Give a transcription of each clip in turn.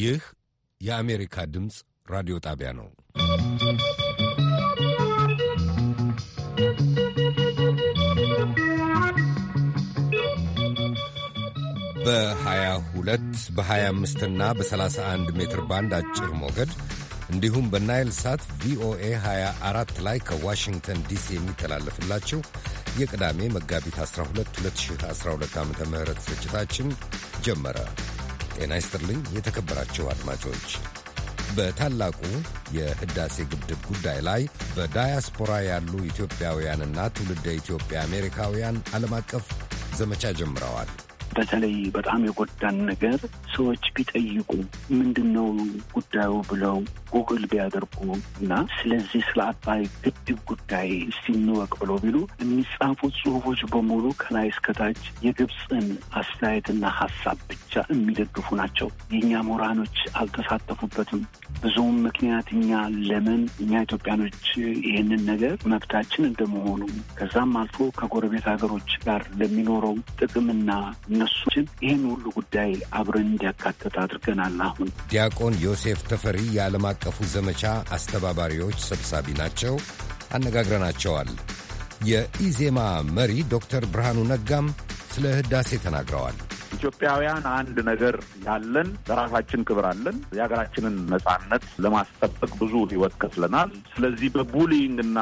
ይህ የአሜሪካ ድምፅ ራዲዮ ጣቢያ ነው። በ22 በ25 እና በ31 ሜትር ባንድ አጭር ሞገድ እንዲሁም በናይል ሳት ቪኦኤ 24 ላይ ከዋሽንግተን ዲሲ የሚተላለፍላችሁ የቅዳሜ መጋቢት 12 2012 ዓ ም ስርጭታችን ጀመረ። ጤና ይስጥልኝ የተከበራችሁ አድማጮች። በታላቁ የህዳሴ ግድብ ጉዳይ ላይ በዳያስፖራ ያሉ ኢትዮጵያውያንና ትውልደ ኢትዮጵያ አሜሪካውያን ዓለም አቀፍ ዘመቻ ጀምረዋል። በተለይ በጣም የጎዳን ነገር ሰዎች ቢጠይቁ ምንድን ነው ጉዳዩ ብለው ጉግል ቢያደርጉ እና ስለዚህ ስለ አባይ ግድብ ጉዳይ ሲንወቅ ብለው ቢሉ የሚጻፉ ጽሁፎች በሙሉ ከላይ እስከታች የግብፅን አስተያየትና ሀሳብ ብቻ የሚደግፉ ናቸው። የእኛ ምሁራኖች አልተሳተፉበትም። ብዙም ምክንያት እኛ ለምን እኛ ኢትዮጵያኖች ይህንን ነገር መብታችን እንደመሆኑ ከዛም አልፎ ከጎረቤት ሀገሮች ጋር ለሚኖረው ጥቅምና እነሱችን ይህን ሁሉ ጉዳይ አብረን እንዲያካተት አድርገናል። አሁን ዲያቆን ዮሴፍ ተፈሪ የዓለም አቀፉ ዘመቻ አስተባባሪዎች ሰብሳቢ ናቸው። አነጋግረናቸዋል። የኢዜማ መሪ ዶክተር ብርሃኑ ነጋም ስለ ህዳሴ ተናግረዋል። ኢትዮጵያውያን አንድ ነገር ያለን ለራሳችን ክብር አለን። የሀገራችንን ነጻነት ለማስጠበቅ ብዙ ህይወት ከፍለናል። ስለዚህ በቡሊንግ እና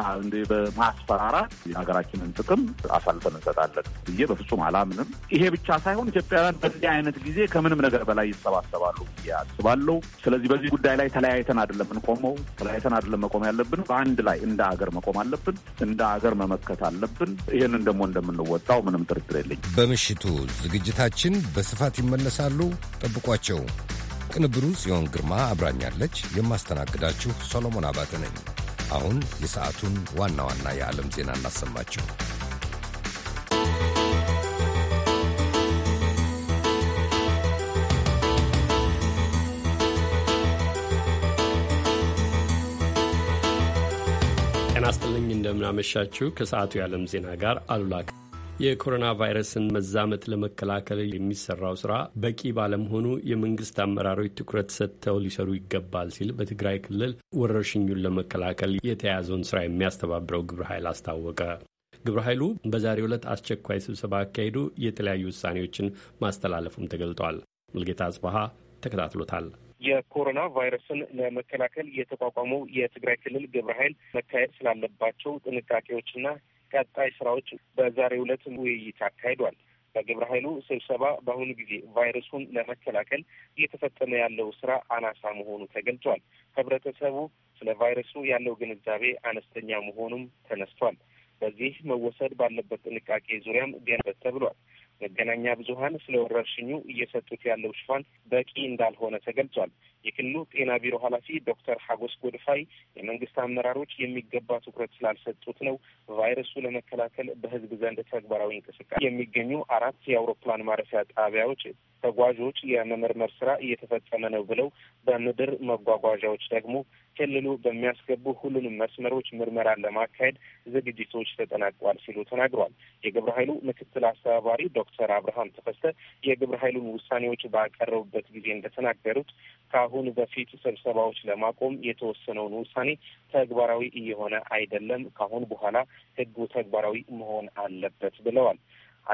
በማስፈራራት የሀገራችንን ጥቅም አሳልፈን እንሰጣለን ብዬ በፍጹም አላምንም። ይሄ ብቻ ሳይሆን ኢትዮጵያውያን በዚህ አይነት ጊዜ ከምንም ነገር በላይ ይሰባሰባሉ ብዬ አስባለሁ። ስለዚህ በዚህ ጉዳይ ላይ ተለያይተን አይደለም እንቆመው፣ ተለያይተን አይደለም መቆም ያለብን፣ በአንድ ላይ እንደ ሀገር መቆም አለብን፣ እንደ ሀገር መመከት አለብን። ይህንን ደግሞ እንደምንወጣው ምንም ጥርጥር የለኝም። በምሽቱ ዝግጅታችን በስፋት ይመለሳሉ። ጠብቋቸው። ቅንብሩ ጽዮን ግርማ አብራኛለች። የማስተናግዳችሁ ሰሎሞን አባተ ነኝ። አሁን የሰዓቱን ዋና ዋና የዓለም ዜና እናሰማችሁ። ጤና ይስጥልኝ። እንደምናመሻችሁ ከሰዓቱ የዓለም ዜና ጋር አሉላ የኮሮና ቫይረስን መዛመት ለመከላከል የሚሰራው ስራ በቂ ባለመሆኑ የመንግስት አመራሮች ትኩረት ሰጥተው ሊሰሩ ይገባል ሲል በትግራይ ክልል ወረርሽኙን ለመከላከል የተያዘውን ስራ የሚያስተባብረው ግብረ ኃይል አስታወቀ። ግብረ ኃይሉ በዛሬው ዕለት አስቸኳይ ስብሰባ አካሄዱ የተለያዩ ውሳኔዎችን ማስተላለፉም ተገልጧል። ሙልጌታ አጽበሃ ተከታትሎታል። የኮሮና ቫይረስን ለመከላከል የተቋቋመው የትግራይ ክልል ግብረ ኃይል መካሄድ ስላለባቸው ጥንቃቄዎችና ቀጣይ ስራዎች በዛሬው ዕለት ውይይት አካሂዷል። በግብረ ኃይሉ ስብሰባ በአሁኑ ጊዜ ቫይረሱን ለመከላከል እየተፈጸመ ያለው ስራ አናሳ መሆኑ ተገልጿል። ህብረተሰቡ ስለ ቫይረሱ ያለው ግንዛቤ አነስተኛ መሆኑም ተነስቷል። በዚህ መወሰድ ባለበት ጥንቃቄ ዙሪያም ገንበት ተብሏል። መገናኛ ብዙኃን ስለ ወረርሽኙ እየሰጡት ያለው ሽፋን በቂ እንዳልሆነ ተገልጿል። የክልሉ ጤና ቢሮ ኃላፊ ዶክተር ሀጎስ ጎድፋይ የመንግስት አመራሮች የሚገባ ትኩረት ስላልሰጡት ነው ቫይረሱ ለመከላከል በህዝብ ዘንድ ተግባራዊ እንቅስቃሴ የሚገኙ አራት የአውሮፕላን ማረፊያ ጣቢያዎች ተጓዦች የመመርመር ስራ እየተፈጸመ ነው ብለው በምድር መጓጓዣዎች ደግሞ ክልሉ በሚያስገቡ ሁሉንም መስመሮች ምርመራን ለማካሄድ ዝግጅቶች ተጠናቋል ሲሉ ተናግሯል። የግብረ ኃይሉ ምክትል አስተባባሪ ዶክተር አብርሃም ተፈስተ የግብረ ኃይሉን ውሳኔዎች ባቀረቡበት ጊዜ እንደተናገሩት ከአሁን ከአሁን በፊት ስብሰባዎች ለማቆም የተወሰነውን ውሳኔ ተግባራዊ እየሆነ አይደለም፣ ከአሁን በኋላ ህጉ ተግባራዊ መሆን አለበት ብለዋል።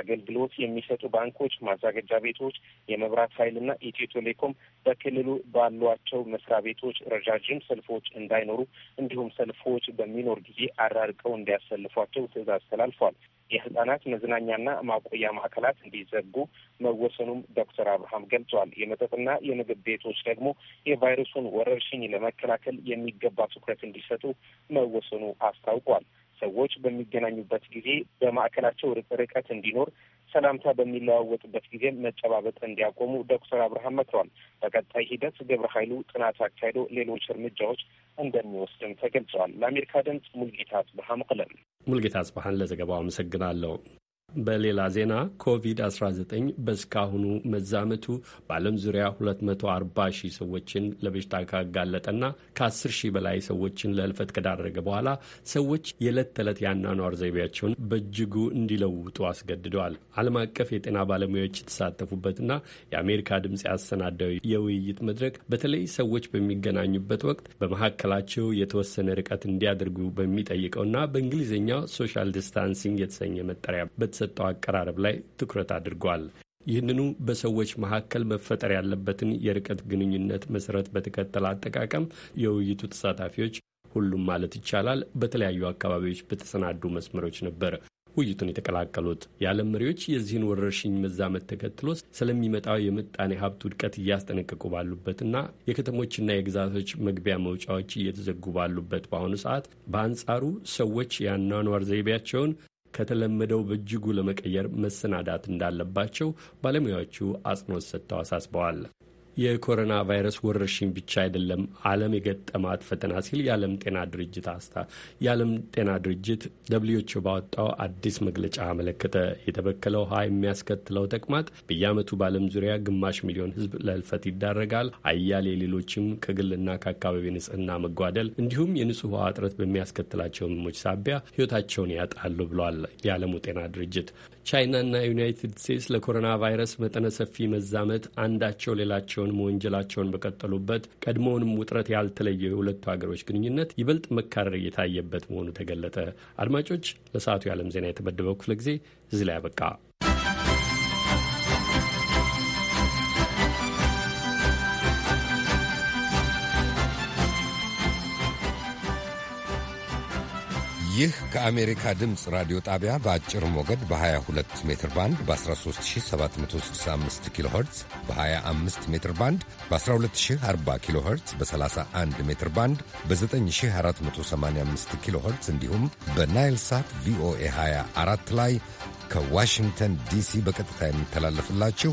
አገልግሎት የሚሰጡ ባንኮች፣ ማዘጋጃ ቤቶች፣ የመብራት ኃይልና ኢትዮ ቴሌኮም በክልሉ ባሏቸው መስሪያ ቤቶች ረዣዥም ሰልፎች እንዳይኖሩ እንዲሁም ሰልፎች በሚኖር ጊዜ አራርቀው እንዲያሰልፏቸው ትዕዛዝ ተላልፏል። የህጻናት መዝናኛና ማቆያ ማዕከላት እንዲዘጉ መወሰኑም ዶክተር አብርሃም ገልጿል። የመጠጥና የምግብ ቤቶች ደግሞ የቫይረሱን ወረርሽኝ ለመከላከል የሚገባ ትኩረት እንዲሰጡ መወሰኑ አስታውቋል። ሰዎች በሚገናኙበት ጊዜ በማዕከላቸው ርቀት እንዲኖር፣ ሰላምታ በሚለዋወጡበት ጊዜ መጨባበጥ እንዲያቆሙ ዶክተር አብርሃም መክሯል። በቀጣይ ሂደት ገብረ ኃይሉ ጥናት አካሂዶ ሌሎች እርምጃዎች እንደሚወስድም ተገልጸዋል። ለአሜሪካ ድምጽ ሙልጌታ ጽብሃ መቅለም ሙልጌታ አጽባሃን ለዘገባው አመሰግናለሁ። በሌላ ዜና ኮቪድ-19 በእስካሁኑ መዛመቱ በዓለም ዙሪያ 240 ሺህ ሰዎችን ለበሽታ ካጋለጠና ከ10 ሺህ በላይ ሰዎችን ለህልፈት ከዳረገ በኋላ ሰዎች የዕለት ተዕለት የአኗኗር ዘይቤያቸውን በእጅጉ እንዲለውጡ አስገድደዋል። ዓለም አቀፍ የጤና ባለሙያዎች የተሳተፉበትና የአሜሪካ ድምፅ ያሰናዳው የውይይት መድረክ በተለይ ሰዎች በሚገናኙበት ወቅት በመካከላቸው የተወሰነ ርቀት እንዲያደርጉ በሚጠይቀውና በእንግሊዝኛው ሶሻል ዲስታንሲንግ የተሰኘ መጠሪያ በተሰጠው አቀራረብ ላይ ትኩረት አድርጓል። ይህንኑ በሰዎች መካከል መፈጠር ያለበትን የርቀት ግንኙነት መሰረት በተከተለ አጠቃቀም የውይይቱ ተሳታፊዎች ሁሉም ማለት ይቻላል በተለያዩ አካባቢዎች በተሰናዱ መስመሮች ነበር ውይይቱን የተቀላቀሉት። የዓለም መሪዎች የዚህን ወረርሽኝ መዛመት ተከትሎ ስለሚመጣው የምጣኔ ሀብት ውድቀት እያስጠነቀቁ ባሉበትና የከተሞችና የግዛቶች መግቢያ መውጫዎች እየተዘጉ ባሉበት በአሁኑ ሰዓት በአንጻሩ ሰዎች የአኗኗር ዘይቤያቸውን ከተለመደው በእጅጉ ለመቀየር መሰናዳት እንዳለባቸው ባለሙያዎቹ አጽንኦት ሰጥተው አሳስበዋል። የኮሮና ቫይረስ ወረርሽኝ ብቻ አይደለም ዓለም የገጠማት ፈተና ሲል የዓለም ጤና ድርጅት አስታ የዓለም ጤና ድርጅት ደብሊዎቹ ባወጣው አዲስ መግለጫ አመለከተ። የተበከለ ውሃ የሚያስከትለው ተቅማጥ በየዓመቱ በዓለም ዙሪያ ግማሽ ሚሊዮን ሕዝብ ለህልፈት ይዳረጋል። አያሌ ሌሎችም ከግልና ከአካባቢ ንጽህና መጓደል እንዲሁም የንጹህ ውሃ እጥረት በሚያስከትላቸው ህመሞች ሳቢያ ህይወታቸውን ያጣሉ ብሏል የዓለሙ ጤና ድርጅት ቻይናና ዩናይትድ ስቴትስ ለኮሮና ቫይረስ መጠነ ሰፊ መዛመት አንዳቸው ሌላቸውን መወንጀላቸውን በቀጠሉበት ቀድሞውንም ውጥረት ያልተለየው የሁለቱ ሀገሮች ግንኙነት ይበልጥ መካረር እየታየበት መሆኑ ተገለጠ። አድማጮች፣ ለሰዓቱ የዓለም ዜና የተመደበው ክፍለ ጊዜ እዚህ ላይ አበቃ። ይህ ከአሜሪካ ድምፅ ራዲዮ ጣቢያ በአጭር ሞገድ በ22 ሜትር ባንድ በ13765 ኪሎ ኸርትዝ በ25 ሜትር ባንድ በ1240 ኪሎ ኸርትዝ በ31 ሜትር ባንድ በ9485 ኪሎ ኸርትዝ እንዲሁም በናይል ሳት ቪኦኤ 24 ላይ ከዋሽንግተን ዲሲ በቀጥታ የሚተላለፍላችሁ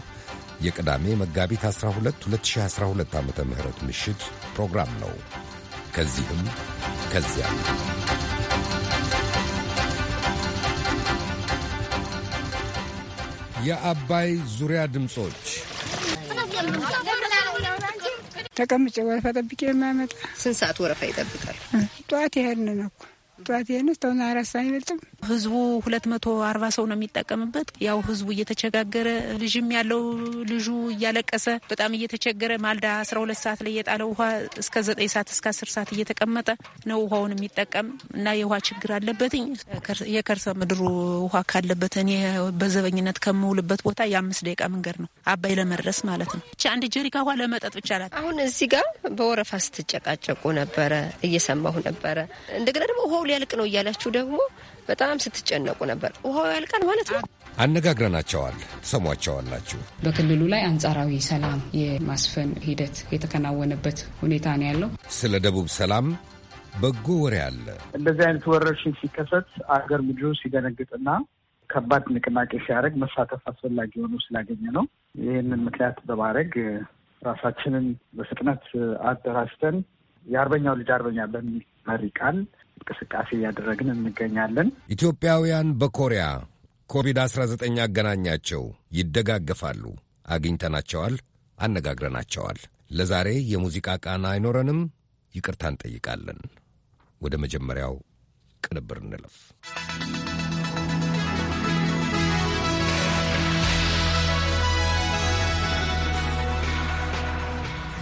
የቅዳሜ መጋቢት 12 2012 ዓ ም ምሽት ፕሮግራም ነው። ከዚህም ከዚያም የአባይ ዙሪያ ድምፆች ተቀምጬ ወረፋ ጠብቄ የማያመጣ ስንት ሰዓት ወረፋ ይጠብቃል? ጠዋት ይሄን ነው እኮ ጠዋት ይሄን እስካሁን አራት ሰዓት አይበልጥም ህዝቡ ሁለት መቶ አርባ ሰው ነው የሚጠቀምበት። ያው ህዝቡ እየተቸጋገረ ልጅም ያለው ልጁ እያለቀሰ በጣም እየተቸገረ ማልዳ አስራ ሁለት ሰዓት ላይ የጣለ ውሃ እስከ ዘጠኝ ሰዓት እስከ አስር ሰዓት እየተቀመጠ ነው ውሃውን የሚጠቀም እና የውሃ ችግር አለበትኝ። የከርሰ ምድሩ ውሃ ካለበት እኔ በዘበኝነት ከምውልበት ቦታ የአምስት ደቂቃ መንገድ ነው አባይ ለመድረስ ማለት ነው። ብቻ አንድ ጀሪካ ውሃ ለመጠጥ ብቻ አሁን እዚህ ጋር በወረፋ ስትጨቃጨቁ ነበረ እየሰማሁ ነበረ። እንደገና ደግሞ ውሃው ሊያልቅ ነው እያላችሁ ደግሞ በጣም ስትጨነቁ ነበር። ውሃው ያልቃል ማለት ነው። አነጋግረናቸዋል፣ ትሰሟቸዋላችሁ። በክልሉ ላይ አንጻራዊ ሰላም የማስፈን ሂደት የተከናወነበት ሁኔታ ነው ያለው። ስለ ደቡብ ሰላም በጎ ወሬ አለ። እንደዚህ አይነት ወረርሽኝ ሲከሰት አገር ምድሩ ሲደነግጥና ከባድ ንቅናቄ ሲያደርግ መሳተፍ አስፈላጊ ሆኖ ስላገኘ ነው። ይህንን ምክንያት በማድረግ ራሳችንን በፍጥነት አደራጅተን የአርበኛው ልጅ አርበኛ በሚል መሪ ቃል እንቅስቃሴ እያደረግን እንገኛለን። ኢትዮጵያውያን በኮሪያ ኮቪድ-19 አገናኛቸው ይደጋገፋሉ። አግኝተናቸዋል፣ አነጋግረናቸዋል። ለዛሬ የሙዚቃ ቃና አይኖረንም፣ ይቅርታ እንጠይቃለን። ወደ መጀመሪያው ቅንብር እንለፍ።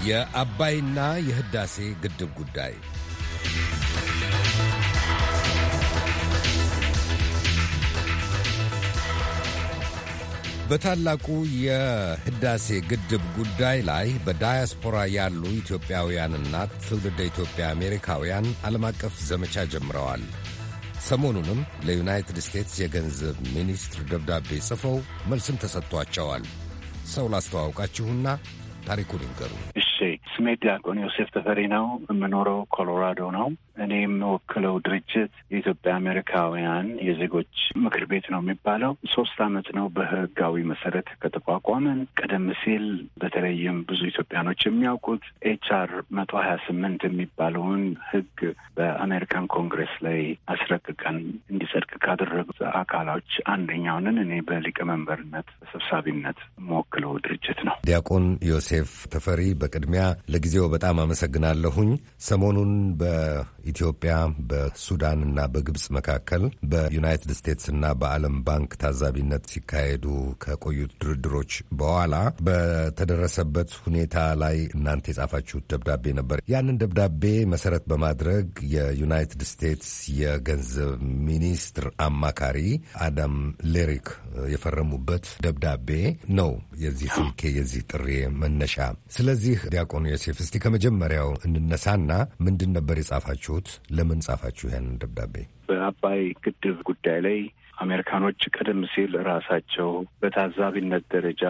የአባይና የህዳሴ ግድብ ጉዳይ በታላቁ የህዳሴ ግድብ ጉዳይ ላይ በዳያስፖራ ያሉ ኢትዮጵያውያንና ትውልደ ኢትዮጵያ አሜሪካውያን ዓለም አቀፍ ዘመቻ ጀምረዋል። ሰሞኑንም ለዩናይትድ ስቴትስ የገንዘብ ሚኒስትር ደብዳቤ ጽፈው መልስም ተሰጥቷቸዋል። ሰው ላስተዋውቃችሁና ታሪኩን ይንገሩ። እሺ፣ ስሜ ዲያቆን ዮሴፍ ተፈሪ ነው። የምኖረው ኮሎራዶ ነው። እኔ የምወክለው ድርጅት የኢትዮጵያ አሜሪካውያን የዜጎች ምክር ቤት ነው የሚባለው። ሶስት አመት ነው በህጋዊ መሰረት ከተቋቋመን። ቀደም ሲል በተለይም ብዙ ኢትዮጵያኖች የሚያውቁት ኤች አር መቶ ሀያ ስምንት የሚባለውን ህግ በአሜሪካን ኮንግሬስ ላይ አስረቅቀን እንዲጸድቅ ካደረጉ አካሎች አንደኛውንን እኔ በሊቀመንበርነት በሰብሳቢነት የምወክለው ድርጅት ነው። ዲያቆን ዮሴፍ ተፈሪ በቅድሚያ ለጊዜው በጣም አመሰግናለሁኝ። ሰሞኑን በ ኢትዮጵያ በሱዳንና በግብጽ መካከል በዩናይትድ ስቴትስና በዓለም ባንክ ታዛቢነት ሲካሄዱ ከቆዩት ድርድሮች በኋላ በተደረሰበት ሁኔታ ላይ እናንተ የጻፋችሁት ደብዳቤ ነበር። ያንን ደብዳቤ መሰረት በማድረግ የዩናይትድ ስቴትስ የገንዘብ ሚኒስትር አማካሪ አዳም ሌሪክ የፈረሙበት ደብዳቤ ነው የዚህ ስልኬ የዚህ ጥሪ መነሻ። ስለዚህ ዲያቆኑ ዮሴፍ እስቲ ከመጀመሪያው እንነሳና ምንድን ነበር የጻፋችሁ? ያነሳችሁት? ለምን ጻፋችሁ ያንን ደብዳቤ? በአባይ ግድብ ጉዳይ ላይ አሜሪካኖች ቀደም ሲል ራሳቸው በታዛቢነት ደረጃ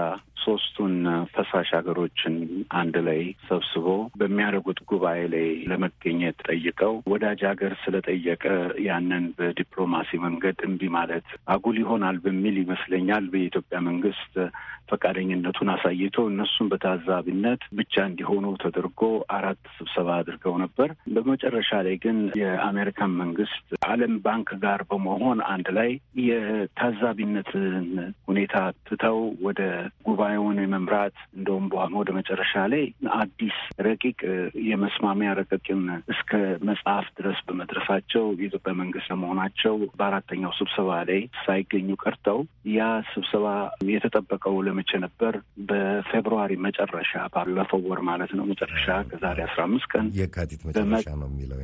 ሶስቱን ፈሳሽ ሀገሮችን አንድ ላይ ሰብስቦ በሚያደርጉት ጉባኤ ላይ ለመገኘት ጠይቀው ወዳጅ ሀገር ስለጠየቀ ያንን በዲፕሎማሲ መንገድ እምቢ ማለት አጉል ይሆናል በሚል ይመስለኛል በኢትዮጵያ መንግስት ፈቃደኝነቱን አሳይቶ እነሱን በታዛቢነት ብቻ እንዲሆኑ ተደርጎ አራት ስብሰባ አድርገው ነበር። በመጨረሻ ላይ ግን የአሜሪካን መንግስት ዓለም ባንክ ጋር በመሆን አንድ ላይ የታዛቢነትን ሁኔታ ትተው ወደ ጉባኤውን የመምራት እንደውም በኋላ ወደ መጨረሻ ላይ አዲስ ረቂቅ የመስማሚያ ረቂቅን እስከ መጽሐፍ ድረስ በመድረሳቸው የኢትዮጵያ መንግስት ለመሆናቸው በአራተኛው ስብሰባ ላይ ሳይገኙ ቀርተው ያ ስብሰባ የተጠበቀው ተዘጋጅቼ ነበር። በፌብርዋሪ መጨረሻ ባለፈው ወር ማለት ነው መጨረሻ ከዛሬ አስራ አምስት ቀን የካቲት መጨረሻ ነው የሚለው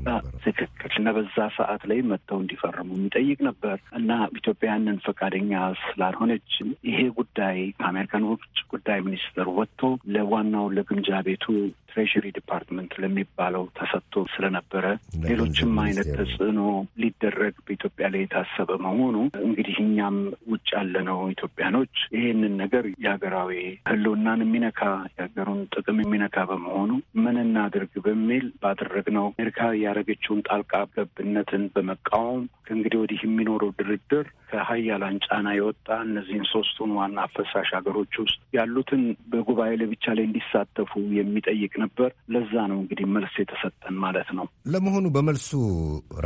ትክክል እና በዛ ሰዓት ላይ መጥተው እንዲፈርሙ የሚጠይቅ ነበር እና ኢትዮጵያንን ፈቃደኛ ስላልሆነች ይሄ ጉዳይ ከአሜሪካን ውጭ ጉዳይ ሚኒስትር ወጥቶ ለዋናው ለግምጃ ቤቱ ትሬሽሪ ዲፓርትመንት ለሚባለው ተሰጥቶ ስለነበረ ሌሎችም አይነት ተጽዕኖ ሊደረግ በኢትዮጵያ ላይ የታሰበ መሆኑ እንግዲህ እኛም ውጭ ያለነው ኢትዮጵያኖች ይህንን ነገር የሀገራዊ ሕልውናን የሚነካ የሀገሩን ጥቅም የሚነካ በመሆኑ ምን እናድርግ በሚል ባደረግነው አሜሪካ ያደረገችውን ጣልቃ ገብነትን በመቃወም ከእንግዲህ ወዲህ የሚኖረው ድርድር ከሀያላን ጫና የወጣ እነዚህን ሶስቱን ዋና አፈሳሽ ሀገሮች ውስጥ ያሉትን በጉባኤ ለብቻ ላይ እንዲሳተፉ የሚጠይቅ ነበር። ለዛ ነው እንግዲህ መልስ የተሰጠን ማለት ነው። ለመሆኑ በመልሱ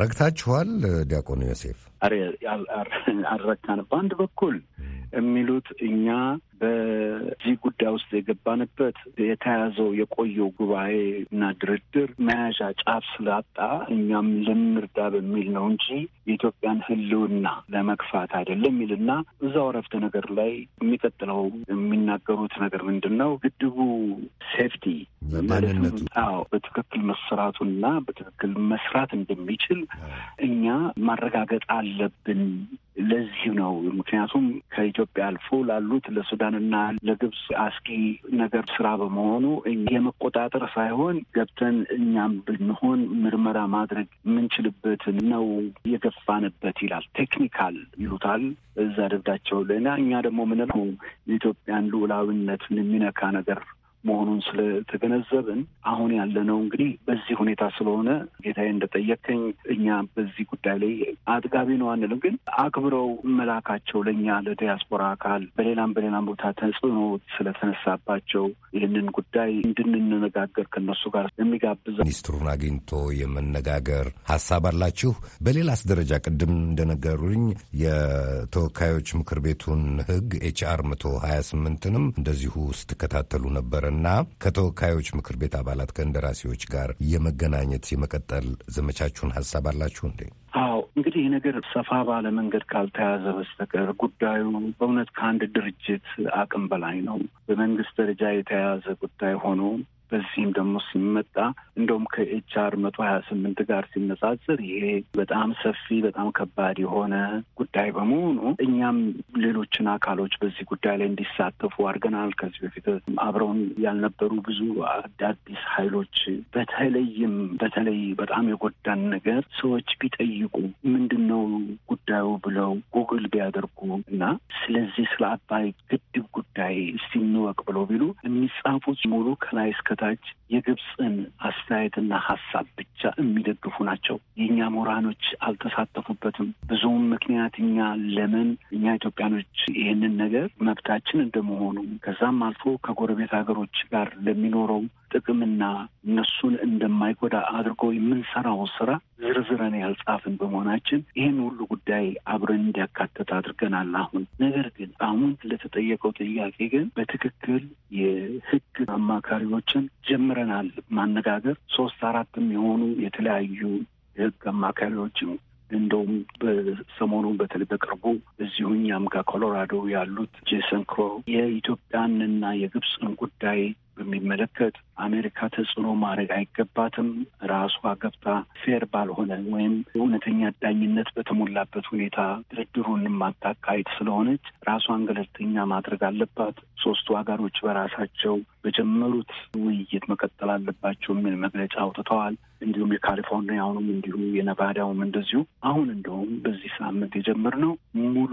ረግታችኋል ዲያቆን ዮሴፍ? አልረካንም። በአንድ በኩል የሚሉት እኛ በዚህ ጉዳይ ውስጥ የገባንበት የተያዘው የቆየው ጉባኤ እና ድርድር መያዣ ጫፍ ስላጣ እኛም ልንርዳ በሚል ነው እንጂ የኢትዮጵያን ሕልውና ለመግፋት አይደለም የሚልና እዛው ረፍተ ነገር ላይ የሚቀጥለው የሚናገሩት ነገር ምንድን ነው? ግድቡ ሴፍቲ ማለትነቱ በትክክል መሰራቱና በትክክል መስራት እንደሚችል እኛ ማረጋገጥ አለ አለብን። ለዚህ ነው ምክንያቱም ከኢትዮጵያ አልፎ ላሉት ለሱዳንና ለግብፅ አስጊ ነገር ስራ በመሆኑ የመቆጣጠር ሳይሆን ገብተን እኛም ብንሆን ምርመራ ማድረግ የምንችልበት ነው የገፋንበት ይላል። ቴክኒካል ይሉታል እዛ ደብዳቸው ላይ እና እኛ ደግሞ ምንለው የኢትዮጵያን ልዑላዊነት የሚነካ ነገር መሆኑን ስለተገነዘብን አሁን ያለነው እንግዲህ በዚህ ሁኔታ ስለሆነ ጌታዬ እንደጠየከኝ እኛ በዚህ ጉዳይ ላይ አጥጋቢ ነው አንልም፣ ግን አክብረው መላካቸው ለእኛ ለዲያስፖራ አካል በሌላም በሌላም ቦታ ተጽዕኖ ስለተነሳባቸው ይህንን ጉዳይ እንድንነጋገር ከነሱ ጋር የሚጋብዘ ሚኒስትሩን አግኝቶ የመነጋገር ሀሳብ አላችሁ? በሌላስ ደረጃ ቅድም እንደነገሩኝ የተወካዮች ምክር ቤቱን ህግ ኤችአር መቶ ሀያ ስምንትንም እንደዚሁ ስትከታተሉ ነበረ እና ከተወካዮች ምክር ቤት አባላት ከእንደራሴዎች ጋር የመገናኘት የመቀጠል ዘመቻችሁን ሀሳብ አላችሁ እንዴ? አዎ እንግዲህ ይህ ነገር ሰፋ ባለ መንገድ ካልተያዘ በስተቀር ጉዳዩ በእውነት ከአንድ ድርጅት አቅም በላይ ነው። በመንግስት ደረጃ የተያያዘ ጉዳይ ሆኖ በዚህም ደግሞ ሲመጣ እንደውም ከኤች አር መቶ ሀያ ስምንት ጋር ሲነጻጽር ይሄ በጣም ሰፊ በጣም ከባድ የሆነ ጉዳይ በመሆኑ እኛም ሌሎችን አካሎች በዚህ ጉዳይ ላይ እንዲሳተፉ አድርገናል። ከዚህ በፊት አብረውን ያልነበሩ ብዙ አዳዲስ ኃይሎች በተለይም በተለይ በጣም የጎዳን ነገር ሰዎች ቢጠይቁ ምንድን ነው ጉዳዩ ብለው ጉግል ቢያደርጉ እና ስለዚህ ስለ አባይ ግድብ ጉዳይ እስቲ እንወቅ ብለው ቢሉ የሚጻፉት ሙሉ ከላይ እስከ ከታች የግብፅን አስተያየትና ሀሳብ ብቻ የሚደግፉ ናቸው። የእኛ ምሁራኖች አልተሳተፉበትም። ብዙም ምክንያት እኛ ለምን እኛ ኢትዮጵያኖች ይህንን ነገር መብታችን እንደመሆኑ ከዛም አልፎ ከጎረቤት ሀገሮች ጋር ለሚኖረው ጥቅምና እነሱን እንደማይጎዳ አድርጎ የምንሰራውን ስራ ዝርዝረን ያልጻፍን በመሆናችን ይህን ሁሉ ጉዳይ አብረን እንዲያካተት አድርገናል። አሁን ነገር ግን አሁን ለተጠየቀው ጥያቄ ግን በትክክል የህግ አማካሪዎችን ጀምረናል ማነጋገር ሶስት አራትም የሆኑ የተለያዩ የህግ አማካሪዎችም እንደውም በሰሞኑ በተለይ በቅርቡ እዚሁ እኛም ጋር ኮሎራዶ ያሉት ጄሰን ክሮ የኢትዮጵያንና የግብፅን ጉዳይ በሚመለከት አሜሪካ ተጽዕኖ ማድረግ አይገባትም፣ ራሷ ገብታ ፌር ባልሆነ ወይም እውነተኛ ዳኝነት በተሞላበት ሁኔታ ድርድሩን የማታካሂድ ስለሆነች ራሷን ገለልተኛ ማድረግ አለባት፣ ሶስቱ ሀገሮች በራሳቸው በጀመሩት ውይይት መቀጠል አለባቸው የሚል መግለጫ አውጥተዋል። እንዲሁም የካሊፎርኒያውንም እንዲሁ የነቫዳውም እንደዚሁ አሁን እንደውም በዚህ ሳምንት የጀመርነው ሙሉ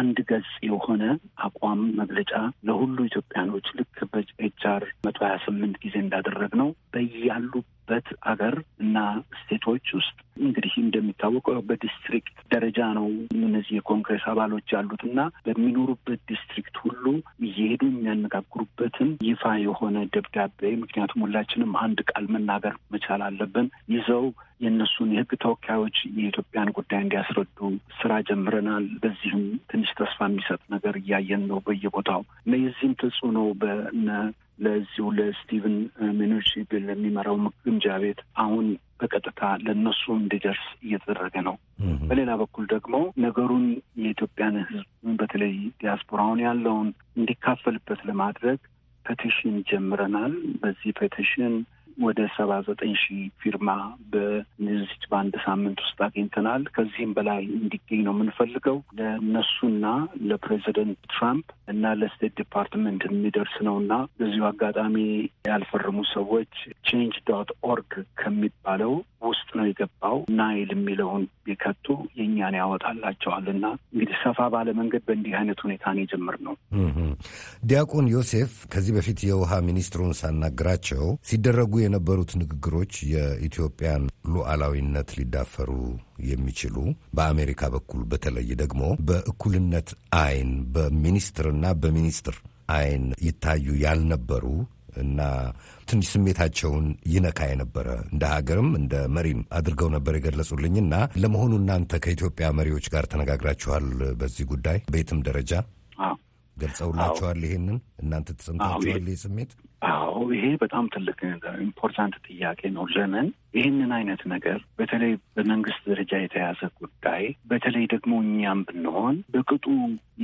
አንድ ገጽ የሆነ አቋም መግለጫ ለሁሉ ኢትዮጵያኖች ልክ በኤችአር መቶ ሀያ ስምንት ጊዜ እንዳደረግ ነው በያሉበት አገር እና ስቴቶች ውስጥ እንግዲህ እንደሚታወቀው በዲስትሪክት ደረጃ ነው እነዚህ የኮንግረስ አባሎች ያሉት እና በሚኖሩበት ዲስትሪክት ሁሉ እየሄዱ የሚያነጋግሩበትን ይፋ የሆነ ደብዳቤ ምክንያቱም ሁላችንም አንድ ቃል መናገር መቻል አለብን ይዘው የእነሱን የህግ ተወካዮች የኢትዮጵያን ጉዳይ እንዲያስረዱ ስራ ጀምረናል። በዚህም ትንሽ ተስፋ የሚሰጥ ነገር እያየን ነው በየቦታው እና የዚህም ተጽዕኖ በነ ለዚሁ ለስቲቭን ሚኑቺን ለሚመራው ግምጃ ቤት አሁን በቀጥታ ለእነሱ እንዲደርስ እየተደረገ ነው። በሌላ በኩል ደግሞ ነገሩን የኢትዮጵያን ሕዝብ በተለይ ዲያስፖራውን ያለውን እንዲካፈልበት ለማድረግ ፔቲሽን ጀምረናል። በዚህ ፔቲሽን ወደ ሰባ ዘጠኝ ሺህ ፊርማ በዚች በአንድ ሳምንት ውስጥ አግኝተናል። ከዚህም በላይ እንዲገኝ ነው የምንፈልገው። ለእነሱና ለፕሬዚደንት ትራምፕ እና ለስቴት ዲፓርትመንት የሚደርስ ነው እና በዚሁ አጋጣሚ ያልፈረሙ ሰዎች ቼንጅ ዶት ኦርግ ከሚባለው ውስጥ ነው የገባው። ናይል የሚለውን ቢከቱ የእኛን ያወጣላቸዋል እና እንግዲህ ሰፋ ባለ መንገድ በእንዲህ አይነት ሁኔታ ነው የጀመርነው። ዲያቆን ዮሴፍ ከዚህ በፊት የውሃ ሚኒስትሩን ሳናግራቸው ሲደረጉ የነበሩት ንግግሮች የኢትዮጵያን ሉዓላዊነት ሊዳፈሩ የሚችሉ በአሜሪካ በኩል በተለይ ደግሞ በእኩልነት አይን በሚኒስትርና በሚኒስትር አይን ይታዩ ያልነበሩ እና ትንሽ ስሜታቸውን ይነካ የነበረ እንደ ሀገርም እንደ መሪም አድርገው ነበር እና ለመሆኑ እናንተ ከኢትዮጵያ መሪዎች ጋር ተነጋግራችኋል? በዚህ ጉዳይ በየትም ደረጃ ገልጸውላችኋል? ይሄንን እናንተ ተሰምታችኋል? ይህ ስሜት አዎ ይሄ በጣም ትልቅ ኢምፖርታንት ጥያቄ ነው። ለምን ይህንን አይነት ነገር በተለይ በመንግስት ደረጃ የተያዘ ጉዳይ በተለይ ደግሞ እኛም ብንሆን በቅጡ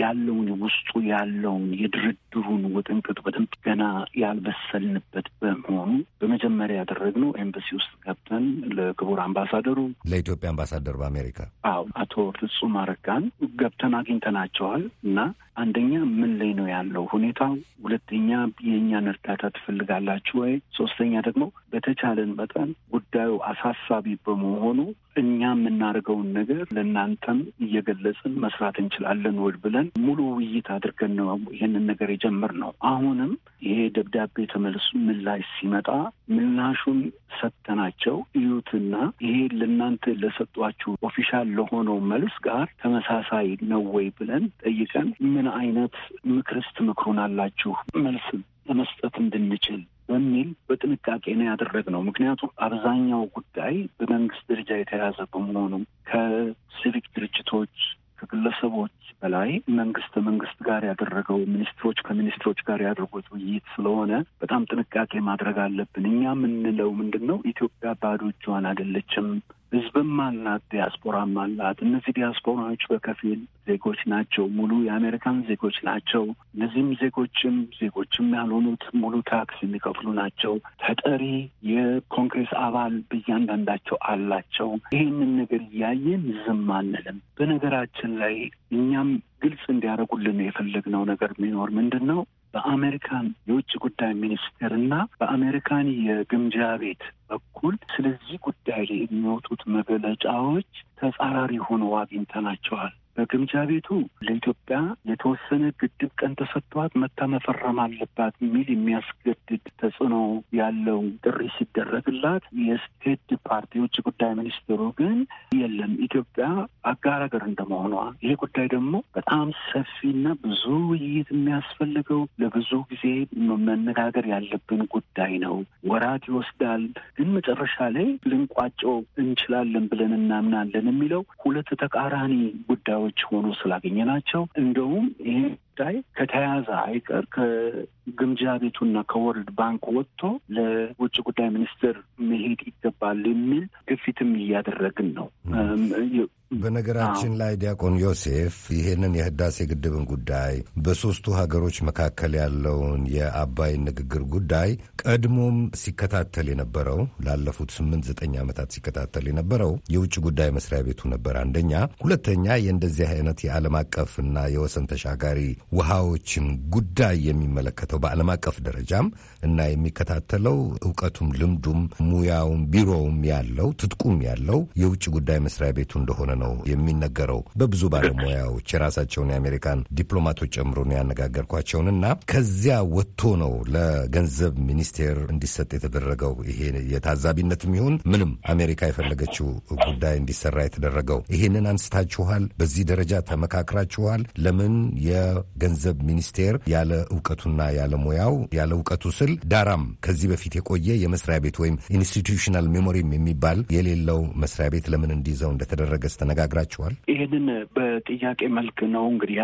ያለውን ውስጡ ያለውን የድርድሩን ውጥንቅጥ በደንብ ገና ያልበሰልንበት በመሆኑ በመጀመሪያ ያደረግነው ኤምባሲ ውስጥ ገብተን ለክቡር አምባሳደሩ ለኢትዮጵያ አምባሳደር በአሜሪካ አዎ አቶ ፍጹም አረጋን ገብተን አግኝተናቸዋል እና አንደኛ ምን ላይ ነው ያለው ሁኔታው፣ ሁለተኛ የእኛን እርዳታ ትፈልጋላችሁ ወይ፣ ሶስተኛ ደግሞ በተቻለን መጠን ጉዳዩ አሳሳቢ በመሆኑ እኛ የምናደርገውን ነገር ለእናንተም እየገለጽን መስራት እንችላለን ወይ ብለን ሙሉ ውይይት አድርገን ነው ይህንን ነገር የጀመርነው። አሁንም ይሄ ደብዳቤ ተመልሶ ምላሽ ሲመጣ ምላሹን ሰጥተናቸው እዩትና ይሄ ለእናንተ ለሰጧችሁ ኦፊሻል ለሆነው መልስ ጋር ተመሳሳይ ነው ወይ ብለን ጠይቀን ምን አይነት ምክርስ ትምክሩን አላችሁ መልስ ለመስጠት እንድንችል በሚል በጥንቃቄ ነው ያደረግነው። ምክንያቱም አብዛኛው ጉዳይ በመንግስት ደረጃ የተያዘ በመሆኑ ከሲቪክ ድርጅቶች ከግለሰቦች በላይ መንግስት መንግስት ጋር ያደረገው ሚኒስትሮች ከሚኒስትሮች ጋር ያደርጉት ውይይት ስለሆነ በጣም ጥንቃቄ ማድረግ አለብን። እኛ የምንለው ምንድን ነው? ኢትዮጵያ ባዶ እጇን አይደለችም። ህዝብም አላት፣ ዲያስፖራም አላት። እነዚህ ዲያስፖራዎች በከፊል ዜጎች ናቸው፣ ሙሉ የአሜሪካን ዜጎች ናቸው። እነዚህም ዜጎችም ዜጎችም ያልሆኑት ሙሉ ታክስ የሚከፍሉ ናቸው። ተጠሪ የኮንግሬስ አባል በእያንዳንዳቸው አላቸው። ይህንን ነገር እያየን ዝም አንልም። በነገራችን ላይ እኛም ግልጽ እንዲያደርጉልን የፈለግነው ነገር ቢኖር ምንድን ነው በአሜሪካን የውጭ ጉዳይ ሚኒስቴር እና በአሜሪካን የግምጃ ቤት በኩል ስለዚህ ጉዳይ ላይ የሚወጡት መግለጫዎች ተጻራሪ ሆነው አግኝተናቸዋል። በግምጃ ቤቱ ለኢትዮጵያ የተወሰነ ግድብ ቀን ተሰጥቷት መታ መፈረም አለባት የሚል የሚያስገድድ ተጽዕኖ ያለው ጥሪ ሲደረግላት የስቴት ዲፓርት የውጭ ጉዳይ ሚኒስትሩ ግን የለም ኢትዮጵያ አጋር ሀገር እንደመሆኗ ይሄ ጉዳይ ደግሞ በጣም ሰፊና ብዙ ውይይት የሚያስፈልገው ለብዙ ጊዜ መነጋገር ያለብን ጉዳይ ነው። ወራት ይወስዳል፣ ግን መጨረሻ ላይ ልንቋጮ እንችላለን ብለን እናምናለን የሚለው ሁለት ተቃራኒ ጉዳዮች ባለሙያዎች ሆኖ ስላገኘናቸው እንደውም ይህ ጉዳይ ከተያዘ አይቀር ከግምጃ ቤቱና ከወርልድ ባንክ ወጥቶ ለውጭ ጉዳይ ሚኒስትር መሄድ ይገባል የሚል ግፊትም እያደረግን ነው። በነገራችን ላይ ዲያቆን ዮሴፍ ይህንን የህዳሴ ግድብን ጉዳይ በሦስቱ ሀገሮች መካከል ያለውን የአባይ ንግግር ጉዳይ ቀድሞም ሲከታተል የነበረው ላለፉት ስምንት ዘጠኝ ዓመታት ሲከታተል የነበረው የውጭ ጉዳይ መስሪያ ቤቱ ነበር። አንደኛ፣ ሁለተኛ የእንደዚህ አይነት የዓለም አቀፍና የወሰን ተሻጋሪ ውሃዎችን ጉዳይ የሚመለከተው በዓለም አቀፍ ደረጃም እና የሚከታተለው እውቀቱም፣ ልምዱም፣ ሙያውም፣ ቢሮውም ያለው ትጥቁም ያለው የውጭ ጉዳይ መስሪያ ቤቱ እንደሆነ ነው የሚነገረው በብዙ ባለሙያዎች የራሳቸውን የአሜሪካን ዲፕሎማቶች ጨምሮ ነው እና ከዚያ ወጥቶ ነው ለገንዘብ ሚኒስቴር እንዲሰጥ የተደረገው ይሄ የታዛቢነትም ይሁን ምንም አሜሪካ የፈለገችው ጉዳይ እንዲሰራ የተደረገው ይሄንን አንስታችኋል። በዚህ ደረጃ ተመካክራችኋል። ለምን ገንዘብ ሚኒስቴር ያለ እውቀቱና ያለ ሙያው ያለ እውቀቱ ስል ዳራም ከዚህ በፊት የቆየ የመስሪያ ቤት ወይም ኢንስቲትዩሽናል ሜሞሪም የሚባል የሌለው መስሪያ ቤት ለምን እንዲይዘው እንደተደረገ ተነጋግራችኋል? ይህንን በጥያቄ መልክ ነው እንግዲህ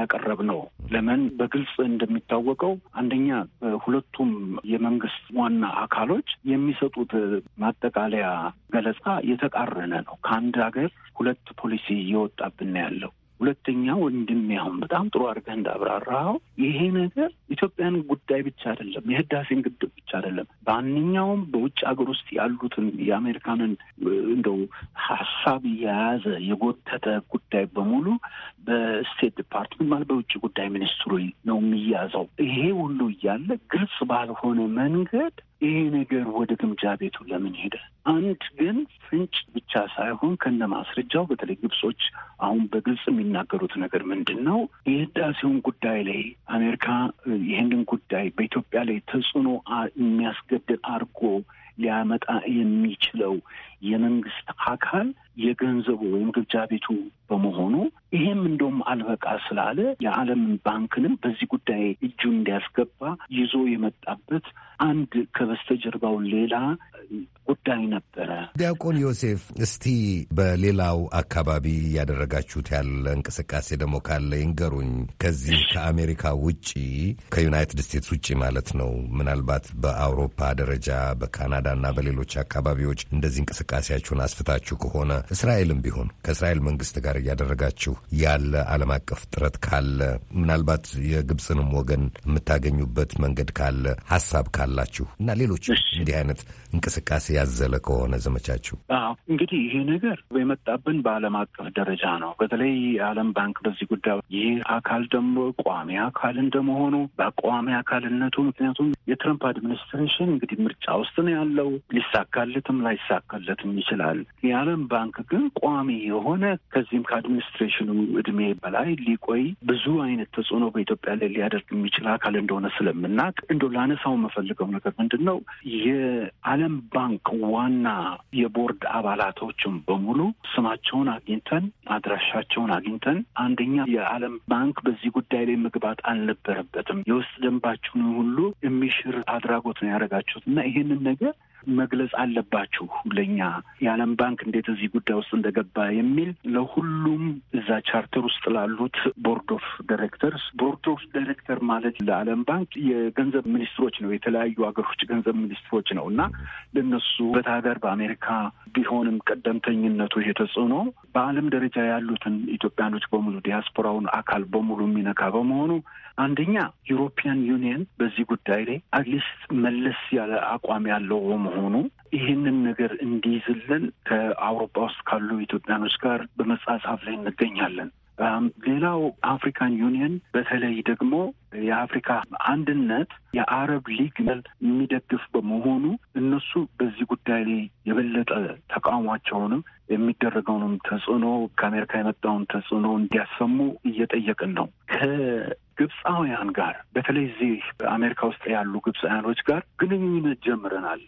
ነው ለምን በግልጽ እንደሚታወቀው አንደኛ ሁለቱም የመንግስት ዋና አካሎች የሚሰጡት ማጠቃለያ ገለጻ የተቃረነ ነው። ከአንድ ሀገር ሁለት ፖሊሲ እየወጣብን ያለው ሁለተኛ ወንድሜ አሁን በጣም ጥሩ አድርገህ እንዳብራራኸው ይሄ ነገር ኢትዮጵያን ጉዳይ ብቻ አይደለም፣ የህዳሴን ግድብ ብቻ አይደለም። በማንኛውም በውጭ ሀገር ውስጥ ያሉትን የአሜሪካንን እንደው ሀሳብ የያዘ የጎተተ ጉዳይ በሙሉ በስቴት ዲፓርትመንት ማለት በውጭ ጉዳይ ሚኒስትሩ ነው የሚያዘው። ይሄ ሁሉ እያለ ግልጽ ባልሆነ መንገድ ይሄ ነገር ወደ ግምጃ ቤቱ ለምን ሄደ? አንድ ግን ፍንጭ ብቻ ሳይሆን ከነ ማስረጃው በተለይ ግብጾች አሁን በግልጽ የሚናገሩት ነገር ምንድን ነው? የህዳሴውን ጉዳይ ላይ አሜሪካ ይህንን ጉዳይ በኢትዮጵያ ላይ ተጽዕኖ የሚያስገድል አድርጎ ሊያመጣ የሚችለው የመንግስት አካል የገንዘቡ ወይም ግብዣ ቤቱ በመሆኑ ይሄም እንደውም አልበቃ ስላለ የዓለም ባንክንም በዚህ ጉዳይ እጁን እንዲያስገባ ይዞ የመጣበት አንድ ከበስተጀርባው ሌላ ጉዳይ ነበረ። ዲያቆን ዮሴፍ፣ እስቲ በሌላው አካባቢ ያደረጋችሁት ያለ እንቅስቃሴ ደግሞ ካለ ይንገሩኝ። ከዚህ ከአሜሪካ ውጭ ከዩናይትድ ስቴትስ ውጭ ማለት ነው። ምናልባት በአውሮፓ ደረጃ በካናዳ እና በሌሎች አካባቢዎች እንደዚህ እንቅስቃሴ እንቅስቃሴያችሁን አስፍታችሁ ከሆነ እስራኤልም ቢሆን ከእስራኤል መንግስት ጋር እያደረጋችሁ ያለ ዓለም አቀፍ ጥረት ካለ ምናልባት የግብፅንም ወገን የምታገኙበት መንገድ ካለ ሀሳብ ካላችሁ እና ሌሎች እንዲህ አይነት እንቅስቃሴ ያዘለ ከሆነ ዘመቻችሁ እንግዲህ ይሄ ነገር የመጣብን በዓለም አቀፍ ደረጃ ነው። በተለይ የዓለም ባንክ በዚህ ጉዳይ ይህ አካል ደግሞ ቋሚ አካል እንደመሆኑ በቋሚ አካልነቱ ምክንያቱም የትረምፕ አድሚኒስትሬሽን እንግዲህ ምርጫ ውስጥ ነው ያለው። ሊሳካለትም ላይሳካለት ሊያካትትም ይችላል። የዓለም ባንክ ግን ቋሚ የሆነ ከዚህም ከአድሚኒስትሬሽኑ እድሜ በላይ ሊቆይ ብዙ አይነት ተጽዕኖ በኢትዮጵያ ላይ ሊያደርግ የሚችል አካል እንደሆነ ስለምናቅ እንደ ላነሳው የምፈልገው ነገር ምንድን ነው የዓለም ባንክ ዋና የቦርድ አባላቶችም በሙሉ ስማቸውን አግኝተን አድራሻቸውን አግኝተን አንደኛ የዓለም ባንክ በዚህ ጉዳይ ላይ መግባት አልነበረበትም። የውስጥ ደንባችሁን ሁሉ የሚሽር አድራጎት ነው ያደረጋችሁት እና ይሄንን ነገር መግለጽ አለባችሁ ለኛ የዓለም ባንክ እንዴት እዚህ ጉዳይ ውስጥ እንደገባ የሚል ለሁሉም እዛ ቻርተር ውስጥ ላሉት ቦርድ ኦፍ ዳይሬክተርስ ቦርድ ኦፍ ዳይሬክተር ማለት ለዓለም ባንክ የገንዘብ ሚኒስትሮች ነው። የተለያዩ ሀገሮች ገንዘብ ሚኒስትሮች ነው እና ለነሱ ሀገር በአሜሪካ ቢሆንም ቀደምተኝነቱ ይሄ ተጽዕኖ በዓለም ደረጃ ያሉትን ኢትዮጵያኖች በሙሉ ዲያስፖራውን አካል በሙሉ የሚነካ በመሆኑ አንደኛ ዩሮፒያን ዩኒየን በዚህ ጉዳይ ላይ አትሊስት መለስ ያለ አቋም ያለው በመሆኑ ይህንን ነገር እንዲይዝልን ከአውሮፓ ውስጥ ካሉ ኢትዮጵያኖች ጋር በመጻጻፍ ላይ እንገኛለን። ሌላው አፍሪካን ዩኒየን በተለይ ደግሞ የአፍሪካ አንድነት የአረብ ሊግ የሚደግፍ በመሆኑ እነሱ በዚህ ጉዳይ ላይ የበለጠ ተቃውሟቸውንም የሚደረገውንም ተጽዕኖ ከአሜሪካ የመጣውን ተጽዕኖ እንዲያሰሙ እየጠየቅን ነው። ከግብፃውያን ጋር በተለይ እዚህ አሜሪካ ውስጥ ያሉ ግብፃውያኖች ጋር ግንኙነት ጀምረናል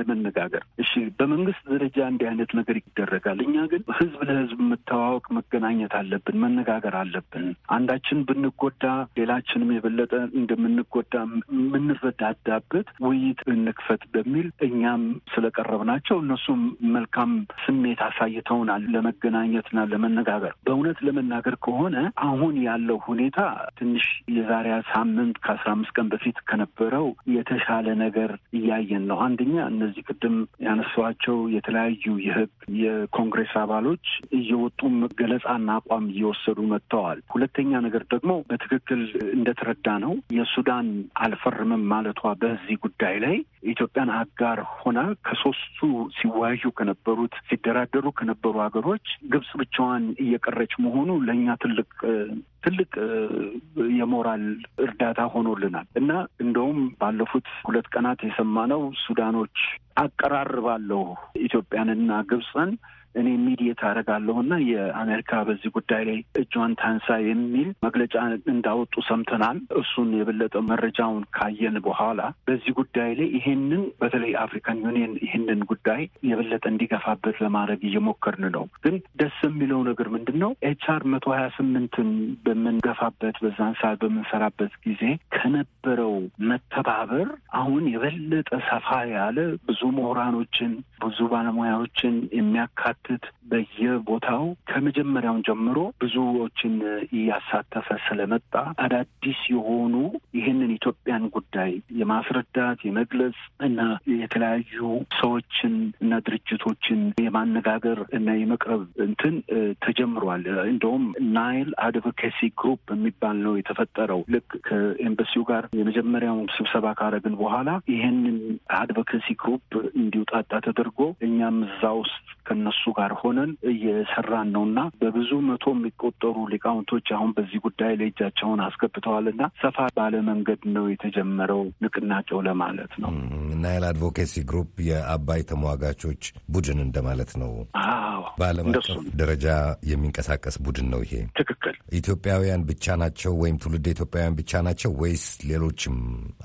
ለመነጋገር። እሺ፣ በመንግስት ደረጃ እንዲህ አይነት ነገር ይደረጋል። እኛ ግን ህዝብ ለህዝብ መተዋወቅ፣ መገናኘት አለብን፣ መነጋገር አለብን። አንዳችን ብንጎዳ ሌላ ሁላችንም የበለጠ እንደምንጎዳ የምንረዳዳበት ውይይት እንክፈት በሚል እኛም ስለቀረብናቸው እነሱም መልካም ስሜት አሳይተውናል። ለመገናኘትና ለመነጋገር በእውነት ለመናገር ከሆነ አሁን ያለው ሁኔታ ትንሽ የዛሬ ሳምንት ከአስራ አምስት ቀን በፊት ከነበረው የተሻለ ነገር እያየን ነው። አንደኛ እነዚህ ቅድም ያነሷቸው የተለያዩ የህግ የኮንግሬስ አባሎች እየወጡም ገለጻና አቋም እየወሰዱ መጥተዋል። ሁለተኛ ነገር ደግሞ በትክክል እንደተረዳ ነው የሱዳን አልፈርምም ማለቷ በዚህ ጉዳይ ላይ ኢትዮጵያን አጋር ሆና ከሶስቱ ሲወያዩ ከነበሩት ሲደራደሩ ከነበሩ ሀገሮች ግብጽ ብቻዋን እየቀረች መሆኑ ለእኛ ትልቅ ትልቅ የሞራል እርዳታ ሆኖልናል እና እንደውም ባለፉት ሁለት ቀናት የሰማነው ሱዳኖች አቀራርባለሁ ኢትዮጵያንና ግብፅን እኔ ሚዲየት አደርጋለሁ እና የአሜሪካ በዚህ ጉዳይ ላይ እጇን ታንሳ የሚል መግለጫ እንዳወጡ ሰምተናል። እሱን የበለጠ መረጃውን ካየን በኋላ በዚህ ጉዳይ ላይ ይሄንን በተለይ አፍሪካን ዩኒየን ይሄንን ጉዳይ የበለጠ እንዲገፋበት ለማድረግ እየሞከርን ነው። ግን ደስ የሚለው ነገር ምንድን ነው? ኤች አር መቶ ሀያ ስምንትን በምንገፋበት በዛን ሰዓት በምንሰራበት ጊዜ ከነበረው መተባበር አሁን የበለጠ ሰፋ ያለ ብዙ ምሁራኖችን ብዙ ባለሙያዎችን የሚያካ የሚያካትት በየቦታው ከመጀመሪያውን ጀምሮ ብዙዎችን እያሳተፈ ስለመጣ አዳዲስ የሆኑ ይህንን ኢትዮጵያን ጉዳይ የማስረዳት የመግለጽ እና የተለያዩ ሰዎችን እና ድርጅቶችን የማነጋገር እና የመቅረብ እንትን ተጀምሯል። እንደውም ናይል አድቮኬሲ ግሩፕ የሚባል ነው የተፈጠረው። ልክ ከኤምበሲው ጋር የመጀመሪያውን ስብሰባ ካረግን በኋላ ይህንን አድቮኬሲ ግሩፕ እንዲውጣጣ ተደርጎ እኛም እዛ ውስጥ ከነሱ ጋር ሆነን እየሰራን ነው እና በብዙ መቶ የሚቆጠሩ ሊቃውንቶች አሁን በዚህ ጉዳይ ላይ እጃቸውን አስገብተዋል እና ሰፋ ባለ መንገድ ነው የተጀመረው ንቅናቄው ለማለት ነው። ናይል አድቮኬሲ ግሩፕ የአባይ ተሟጋቾች ቡድን እንደማለት ነው። በዓለም አቀፍ ደረጃ የሚንቀሳቀስ ቡድን ነው ይሄ። ትክክል። ኢትዮጵያውያን ብቻ ናቸው ወይም ትውልድ ኢትዮጵያውያን ብቻ ናቸው ወይስ ሌሎችም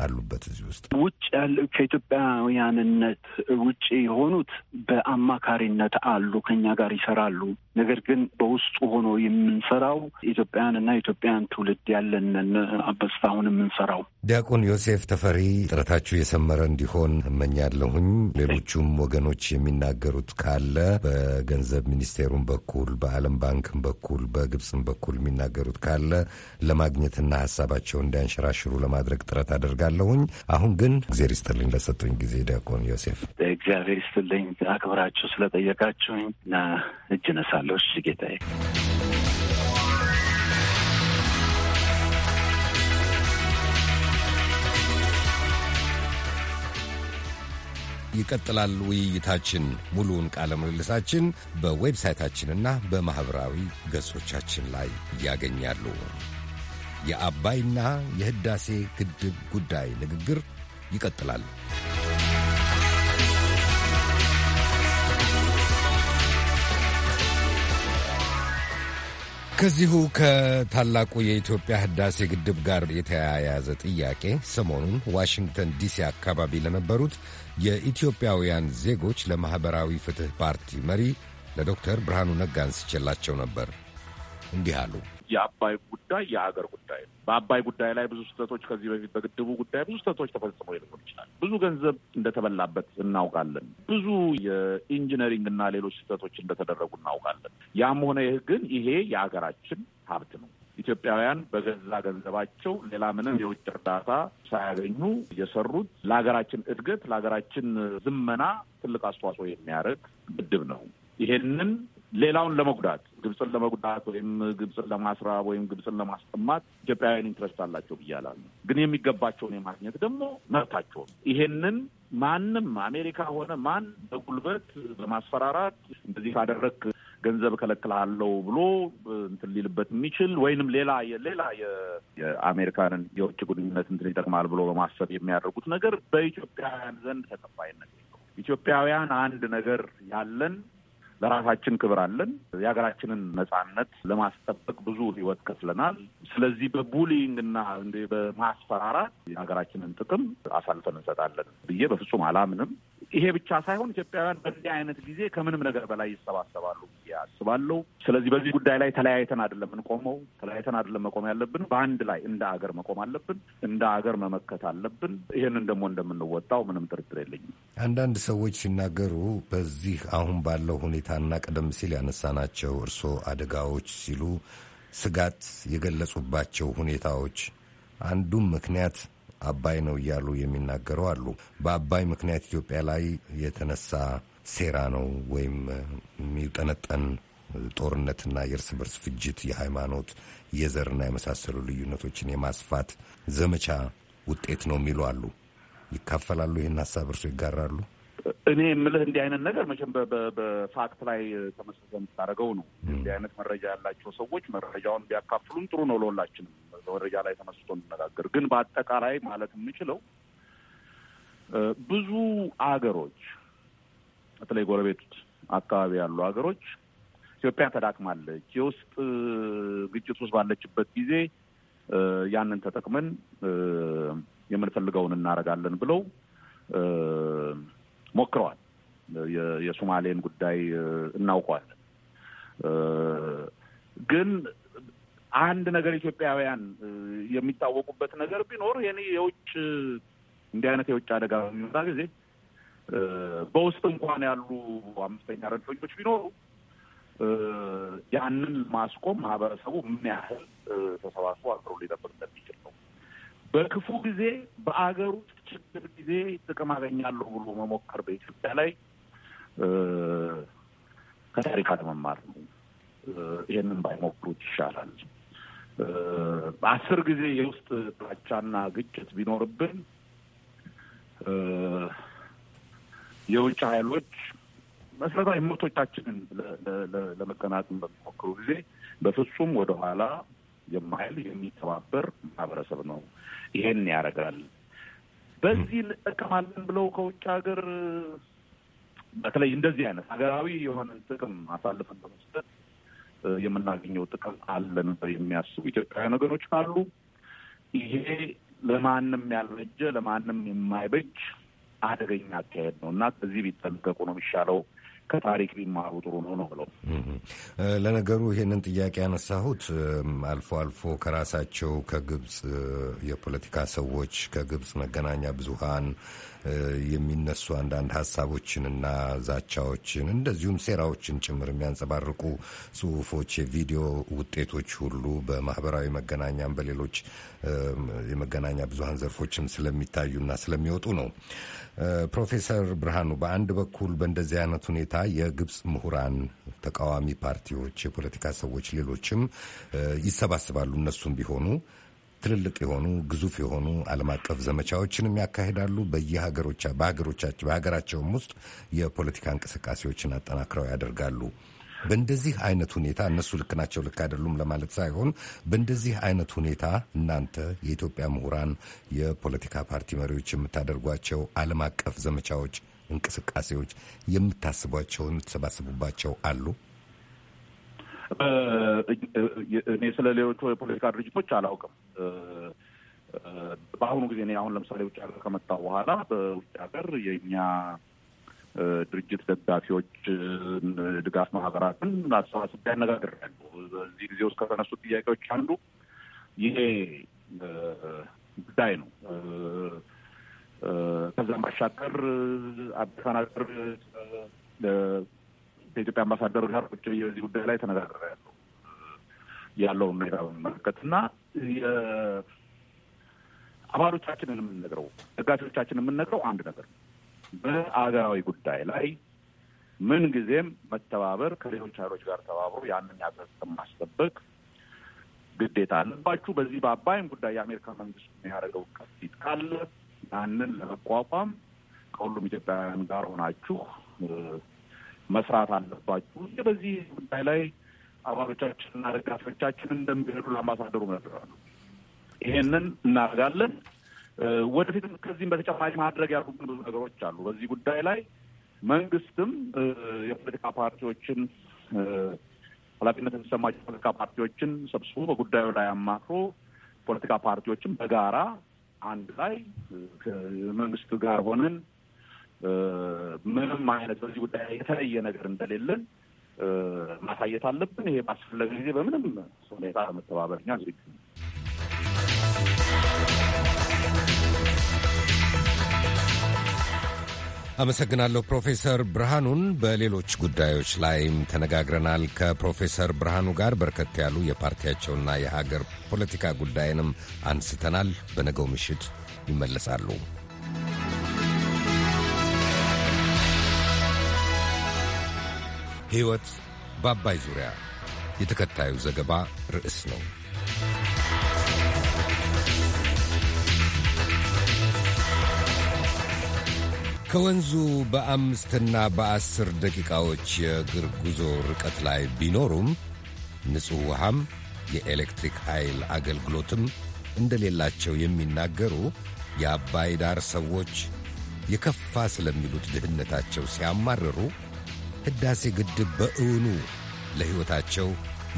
አሉበት እዚህ ውስጥ? ውጭ ያለ ከኢትዮጵያውያንነት ውጭ የሆኑት በአማካሪነት አሉ ከኛ ጋር ይሰራሉ። ነገር ግን በውስጡ ሆኖ የምንሰራው ኢትዮጵያውያን እና ኢትዮጵያውያን ትውልድ ያለንን አበስታሁን የምንሰራው። ዲያቆን ዮሴፍ ተፈሪ ጥረታችሁ የሰመረ እንዲሆን እመኛለሁኝ። ሌሎቹም ወገኖች የሚናገሩት ካለ በገንዘብ ሚኒስቴሩም በኩል በዓለም ባንክም በኩል በግብፅም በኩል የሚናገሩት ካለ ለማግኘትና ሀሳባቸው እንዲያንሸራሽሩ ለማድረግ ጥረት አደርጋለሁኝ። አሁን ግን እግዜር ይስጥልኝ ለሰጡኝ ጊዜ ዲያቆን ዮሴፍ። እግዚአብሔር ይስጥልኝ አክብራችሁ ስለጠየቃችሁኝ እና እጅ ነሳለሁ። እሺ ጌታዬ። ይቀጥላል ውይይታችን። ሙሉውን ቃለ ምልልሳችን በዌብሳይታችንና በማኅበራዊ ገጾቻችን ላይ ያገኛሉ። የአባይና የህዳሴ ግድብ ጉዳይ ንግግር ይቀጥላል። ከዚሁ ከታላቁ የኢትዮጵያ ህዳሴ ግድብ ጋር የተያያዘ ጥያቄ ሰሞኑን ዋሽንግተን ዲሲ አካባቢ ለነበሩት የኢትዮጵያውያን ዜጎች ለማኅበራዊ ፍትሕ ፓርቲ መሪ ለዶክተር ብርሃኑ ነጋ አንስቼላቸው ነበር። እንዲህ አሉ። የአባይ ጉዳይ የሀገር ጉዳይ ነው። በአባይ ጉዳይ ላይ ብዙ ስህተቶች ከዚህ በፊት በግድቡ ጉዳይ ብዙ ስህተቶች ተፈጽመው ሊሆን ይችላል። ብዙ ገንዘብ እንደተበላበት እናውቃለን። ብዙ የኢንጂነሪንግ እና ሌሎች ስህተቶች እንደተደረጉ እናውቃለን። ያም ሆነ ይህ ግን ይሄ የሀገራችን ሀብት ነው። ኢትዮጵያውያን በገዛ ገንዘባቸው ሌላ ምንም የውጭ እርዳታ ሳያገኙ የሰሩት ለሀገራችን እድገት፣ ለሀገራችን ዝመና ትልቅ አስተዋጽኦ የሚያደርግ ግድብ ነው። ይሄንን ሌላውን ለመጉዳት ግብፅን ለመጉዳት ወይም ግብፅን ለማስራብ ወይም ግብፅን ለማስጠማት ኢትዮጵያውያን ኢንትረስት አላቸው ብያላል። ግን የሚገባቸውን የማግኘት ደግሞ መብታቸውን ይሄንን ማንም አሜሪካ ሆነ ማን በጉልበት በማስፈራራት እንደዚህ ካደረግ ገንዘብ እከለክልሃለሁ ብሎ እንትን ሊልበት የሚችል ወይንም ሌላ ሌላ የአሜሪካንን የውጭ ግንኙነት እንትን ይጠቅማል ብሎ በማሰብ የሚያደርጉት ነገር በኢትዮጵያውያን ዘንድ ተቀባይነት የለውም። ኢትዮጵያውያን አንድ ነገር ያለን ለራሳችን ክብር አለን። የሀገራችንን ነጻነት ለማስጠበቅ ብዙ ህይወት ከፍለናል። ስለዚህ በቡሊንግ እና በማስፈራራት የሀገራችንን ጥቅም አሳልፈን እንሰጣለን ብዬ በፍጹም አላምንም። ይሄ ብቻ ሳይሆን ኢትዮጵያውያን በዚህ አይነት ጊዜ ከምንም ነገር በላይ ይሰባሰባሉ ብዬ አስባለሁ። ስለዚህ በዚህ ጉዳይ ላይ ተለያይተን አይደለም እንቆመው፣ ተለያይተን አይደለም መቆም ያለብን፣ በአንድ ላይ እንደ አገር መቆም አለብን፣ እንደ አገር መመከት አለብን። ይህንን ደግሞ እንደምንወጣው ምንም ጥርጥር የለኝም። አንዳንድ ሰዎች ሲናገሩ በዚህ አሁን ባለው ሁኔታና ቀደም ሲል ያነሳናቸው እርሶ አደጋዎች ሲሉ ስጋት የገለጹባቸው ሁኔታዎች አንዱም ምክንያት አባይ ነው እያሉ የሚናገሩ አሉ። በአባይ ምክንያት ኢትዮጵያ ላይ የተነሳ ሴራ ነው ወይም የሚጠነጠን ጦርነትና የእርስ በርስ ፍጅት፣ የሃይማኖት የዘርና የመሳሰሉ ልዩነቶችን የማስፋት ዘመቻ ውጤት ነው የሚሉ አሉ። ይካፈላሉ? ይህን ሀሳብ እርሶ ይጋራሉ? እኔ የምልህ እንዲህ አይነት ነገር መቼም በፋክት ላይ ተመስርተ የምታደርገው ነው። እንዲህ አይነት መረጃ ያላቸው ሰዎች መረጃውን ቢያካፍሉን ጥሩ ነው። ለሁላችንም በመረጃ ላይ ተመስርቶ እንነጋገር። ግን በአጠቃላይ ማለት የምችለው ብዙ አገሮች በተለይ ጎረቤት አካባቢ ያሉ ሀገሮች ኢትዮጵያ ተዳክማለች። የውስጥ ግጭት ውስጥ ባለችበት ጊዜ ያንን ተጠቅመን የምንፈልገውን እናደርጋለን ብለው ሞክረዋል። የሱማሌን ጉዳይ እናውቀዋለን። ግን አንድ ነገር ኢትዮጵያውያን የሚታወቁበት ነገር ቢኖር የኔ የውጭ እንዲህ አይነት የውጭ አደጋ በሚመጣ ጊዜ በውስጥ እንኳን ያሉ አምስተኛ ረድፈኞች ቢኖሩ ያንን ማስቆም ማህበረሰቡ ምን ያህል ተሰባስቦ አብሮ ሊጠብቅ እንደሚችል ነው በክፉ ጊዜ በአገር ውስጥ ችግር ጊዜ ጥቅም አገኛለሁ ብሎ መሞከር በኢትዮጵያ ላይ ከታሪክ አለመማር ነው። ይህንን ባይሞክሩት ይሻላል። አስር ጊዜ የውስጥ ጥላቻና ግጭት ቢኖርብን የውጭ ኃይሎች መሰረታዊ ምርቶቻችንን ለመቀናጠን በሚሞክሩ ጊዜ በፍጹም ወደኋላ የማይል የሚተባበር ማህበረሰብ ነው። ይሄን ያደርጋል። በዚህ እንጠቀማለን ብለው ከውጭ ሀገር በተለይ እንደዚህ አይነት ሀገራዊ የሆነን ጥቅም አሳልፈን በመስጠት የምናገኘው ጥቅም አለን የሚያስቡ ኢትዮጵያውያን ወገኖች አሉ። ይሄ ለማንም ያልበጀ ለማንም የማይበጅ አደገኛ አካሄድ ነው እና ከዚህ ቢጠንቀቁ ነው የሚሻለው። ከታሪክ ቢማሩ ጥሩ ነው ነው ብለው ለነገሩ ይሄንን ጥያቄ ያነሳሁት አልፎ አልፎ ከራሳቸው ከግብፅ የፖለቲካ ሰዎች ከግብፅ መገናኛ ብዙሃን የሚነሱ አንዳንድ ሀሳቦችንና ዛቻዎችን እንደዚሁም ሴራዎችን ጭምር የሚያንጸባርቁ ጽሁፎች፣ የቪዲዮ ውጤቶች ሁሉ በማህበራዊ መገናኛም በሌሎች የመገናኛ ብዙሀን ዘርፎችም ስለሚታዩና ስለሚወጡ ነው። ፕሮፌሰር ብርሃኑ በአንድ በኩል በእንደዚህ አይነት ሁኔታ የግብፅ ምሁራን፣ ተቃዋሚ ፓርቲዎች፣ የፖለቲካ ሰዎች፣ ሌሎችም ይሰባስባሉ እነሱም ቢሆኑ ትልልቅ የሆኑ ግዙፍ የሆኑ ዓለም አቀፍ ዘመቻዎችንም ያካሂዳሉ። በየሀገሮቻቸው በሀገራቸውም ውስጥ የፖለቲካ እንቅስቃሴዎችን አጠናክረው ያደርጋሉ። በእንደዚህ አይነት ሁኔታ እነሱ ልክ ናቸው ልክ አይደሉም ለማለት ሳይሆን፣ በእንደዚህ አይነት ሁኔታ እናንተ የኢትዮጵያ ምሁራን፣ የፖለቲካ ፓርቲ መሪዎች የምታደርጓቸው ዓለም አቀፍ ዘመቻዎች፣ እንቅስቃሴዎች የምታስቧቸው የምትሰባስቡባቸው አሉ? እኔ ስለ ሌሎቹ የፖለቲካ ድርጅቶች አላውቅም። በአሁኑ ጊዜ እኔ አሁን ለምሳሌ ውጭ ሀገር ከመጣሁ በኋላ በውጭ ሀገር የእኛ ድርጅት ደጋፊዎች ድጋፍ ማህበራትን አሰባስቤ አነጋግሬያለሁ። በዚህ ጊዜ ውስጥ ከተነሱ ጥያቄዎች አንዱ ይሄ ጉዳይ ነው። ከዛም ባሻገር አዲስ ሀገር ከኢትዮጵያ አምባሳደር ጋር ቁጭ ብዬ በዚህ ጉዳይ ላይ ተነጋግሬ ያለው ያለውን ሁኔታ በመመለከት እና አባሎቻችንን የምንነግረው ደጋፊዎቻችን የምንነግረው አንድ ነገር ነው። በአገራዊ ጉዳይ ላይ ምን ጊዜም መተባበር ከሌሎች ኃይሎች ጋር ተባብሮ ያንን ያገጽም ማስጠበቅ ግዴታ አለባችሁ። በዚህ በአባይም ጉዳይ የአሜሪካ መንግስት የሚያደርገው ከፊት ካለ ያንን ለመቋቋም ከሁሉም ኢትዮጵያውያን ጋር ሆናችሁ መስራት አለባችሁ። እ በዚህ ጉዳይ ላይ አባሎቻችንና ደጋፊዎቻችን እንደሚሄዱ ለአምባሳደሩ ነግረዋል። ይሄንን እናደርጋለን። ወደፊትም ከዚህም በተጨማሪ ማድረግ ያሉብን ብዙ ነገሮች አሉ። በዚህ ጉዳይ ላይ መንግስትም የፖለቲካ ፓርቲዎችን ኃላፊነት የተሰማቸው የፖለቲካ ፓርቲዎችን ሰብስቦ በጉዳዩ ላይ አማክሮ ፖለቲካ ፓርቲዎችን በጋራ አንድ ላይ መንግስት ጋር ሆነን ምንም አይነት በዚህ ጉዳይ የተለየ ነገር እንደሌለን ማሳየት አለብን። ይሄ ባስፈለገ ጊዜ በምንም ሁኔታ ለመተባበር እኛ ዝግጁ ነው። አመሰግናለሁ ፕሮፌሰር ብርሃኑን። በሌሎች ጉዳዮች ላይም ተነጋግረናል። ከፕሮፌሰር ብርሃኑ ጋር በርከት ያሉ የፓርቲያቸውና የሀገር ፖለቲካ ጉዳይንም አንስተናል። በነገው ምሽት ይመለሳሉ። ሕይወት በአባይ ዙሪያ የተከታዩ ዘገባ ርዕስ ነው። ከወንዙ በአምስትና በአስር ደቂቃዎች የእግር ጉዞ ርቀት ላይ ቢኖሩም ንጹሕ ውሃም የኤሌክትሪክ ኃይል አገልግሎትም እንደሌላቸው የሚናገሩ የአባይ ዳር ሰዎች የከፋ ስለሚሉት ድህነታቸው ሲያማርሩ ሕዳሴ ግድብ በእውኑ ለሕይወታቸው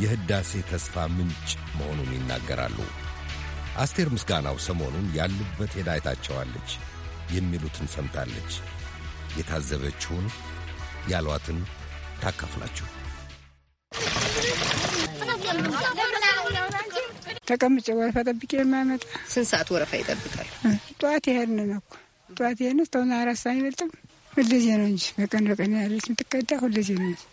የሕዳሴ ተስፋ ምንጭ መሆኑን ይናገራሉ። አስቴር ምስጋናው ሰሞኑን ያሉበት ሄዳ አይታቸዋለች። የሚሉትን ሰምታለች። የታዘበችውን ያሏትን ታካፍላችሁ። ተቀምጬ ወረፋ ጠብቄ የማመጣ ስንት ሰዓት ወረፋ ይጠብቃል? ጠዋት ይሄድን ነው ጠዋት ይሄድን ስተሆነ አራት ሰዓት አይበልጥም ሁለዚህ ነው እንጂ በቀን በቀን ያለች የምትቀዳ ሁለዚህ ነው እንጂ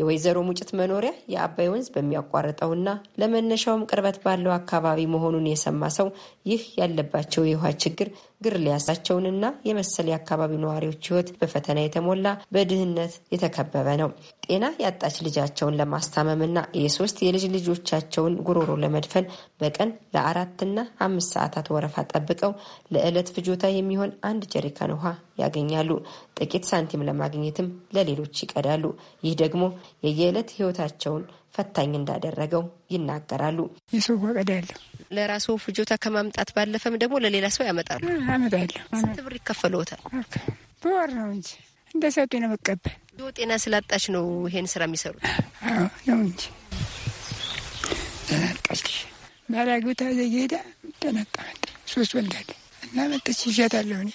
የወይዘሮ ሙጭት መኖሪያ የአባይ ወንዝ በሚያቋርጠውና ለመነሻውም ቅርበት ባለው አካባቢ መሆኑን የሰማ ሰው ይህ ያለባቸው የውሃ ችግር ግር ሊያሳቸውንና የመሰል የአካባቢ ነዋሪዎች ህይወት በፈተና የተሞላ በድህነት የተከበበ ነው። ጤና ያጣች ልጃቸውን ለማስታመምና የሶስት የልጅ ልጆቻቸውን ጉሮሮ ለመድፈን በቀን ለአራትና አምስት ሰዓታት ወረፋ ጠብቀው ለዕለት ፍጆታ የሚሆን አንድ ጀሪካን ውሃ ያገኛሉ። ጥቂት ሳንቲም ለማግኘትም ለሌሎች ይቀዳሉ። ይህ ደግሞ የየዕለት ህይወታቸውን ፈታኝ እንዳደረገው ይናገራሉ። የሰው ወቀዳለሁ ለራስዎ ፍጆታ ከማምጣት ባለፈም ደግሞ ለሌላ ሰው ያመጣሉ። አመጣለሁ። ስንት ብር ይከፈለዎታል? በወር ነው እንጂ እንደ ሰጡ ነው መቀበል። ጤና ስላጣች ነው ይሄን ስራ የሚሰሩት ነው እንጂ ተነጣች። ባላጊው ታዘየ ሄዳ ሶስት ወልዳለ እና መጠች ይሸታለሁ። እኔ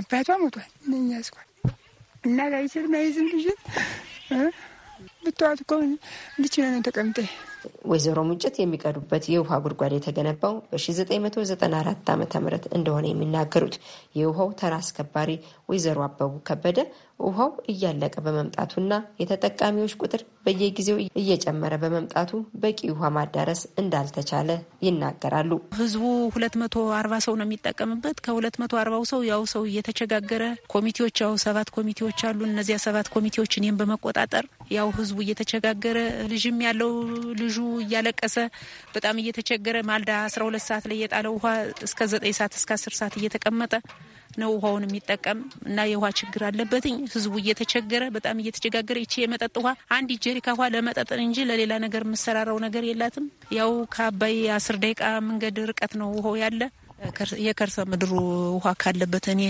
አባቷ ሞቷል። እነኛ ስኳል እና ላይ ስል መይዝም ብትዋት እኮ እንድችለ ነው ተቀምጠ ወይዘሮ ሙጭት የሚቀዱበት የውሃ ጉድጓድ የተገነባው በ1994 ዓ ም እንደሆነ የሚናገሩት የውሃው ተራ አስከባሪ ወይዘሮ አበቡ ከበደ ውሃው እያለቀ በመምጣቱና የተጠቃሚዎች ቁጥር በየጊዜው እየጨመረ በመምጣቱ በቂ ውሃ ማዳረስ እንዳልተቻለ ይናገራሉ። ህዝቡ ሁለት መቶ አርባ ሰው ነው የሚጠቀምበት ከሁለት መቶ አርባው ሰው ያው ሰው እየተቸጋገረ ኮሚቴዎች ያው ሰባት ኮሚቴዎች አሉ። እነዚያ ሰባት ኮሚቴዎች እኔም በመቆጣጠር ያው ህዝቡ እየተቸጋገረ ልጅም ያለው ልጁ እያለቀሰ በጣም እየተቸገረ ማልዳ ሁለት ሰዓት ላይ የጣለ ውሃ እስከ ዘጠኝ ሰዓት እስከ አስር ሰዓት እየተቀመጠ ነው ውሃውን የሚጠቀም እና የውሃ ችግር አለበትኝ። ህዝቡ እየተቸገረ በጣም እየተቸጋገረ ይቺ የመጠጥ ውሃ አንድ ጀሪካ ውሃ ለመጠጥ እንጂ ለሌላ ነገር የምሰራራው ነገር የላትም። ያው ከአባይ አስር ደቂቃ መንገድ ርቀት ነው ውሃው ያለ የከርሰ ምድሩ ውሃ ካለበት እኔ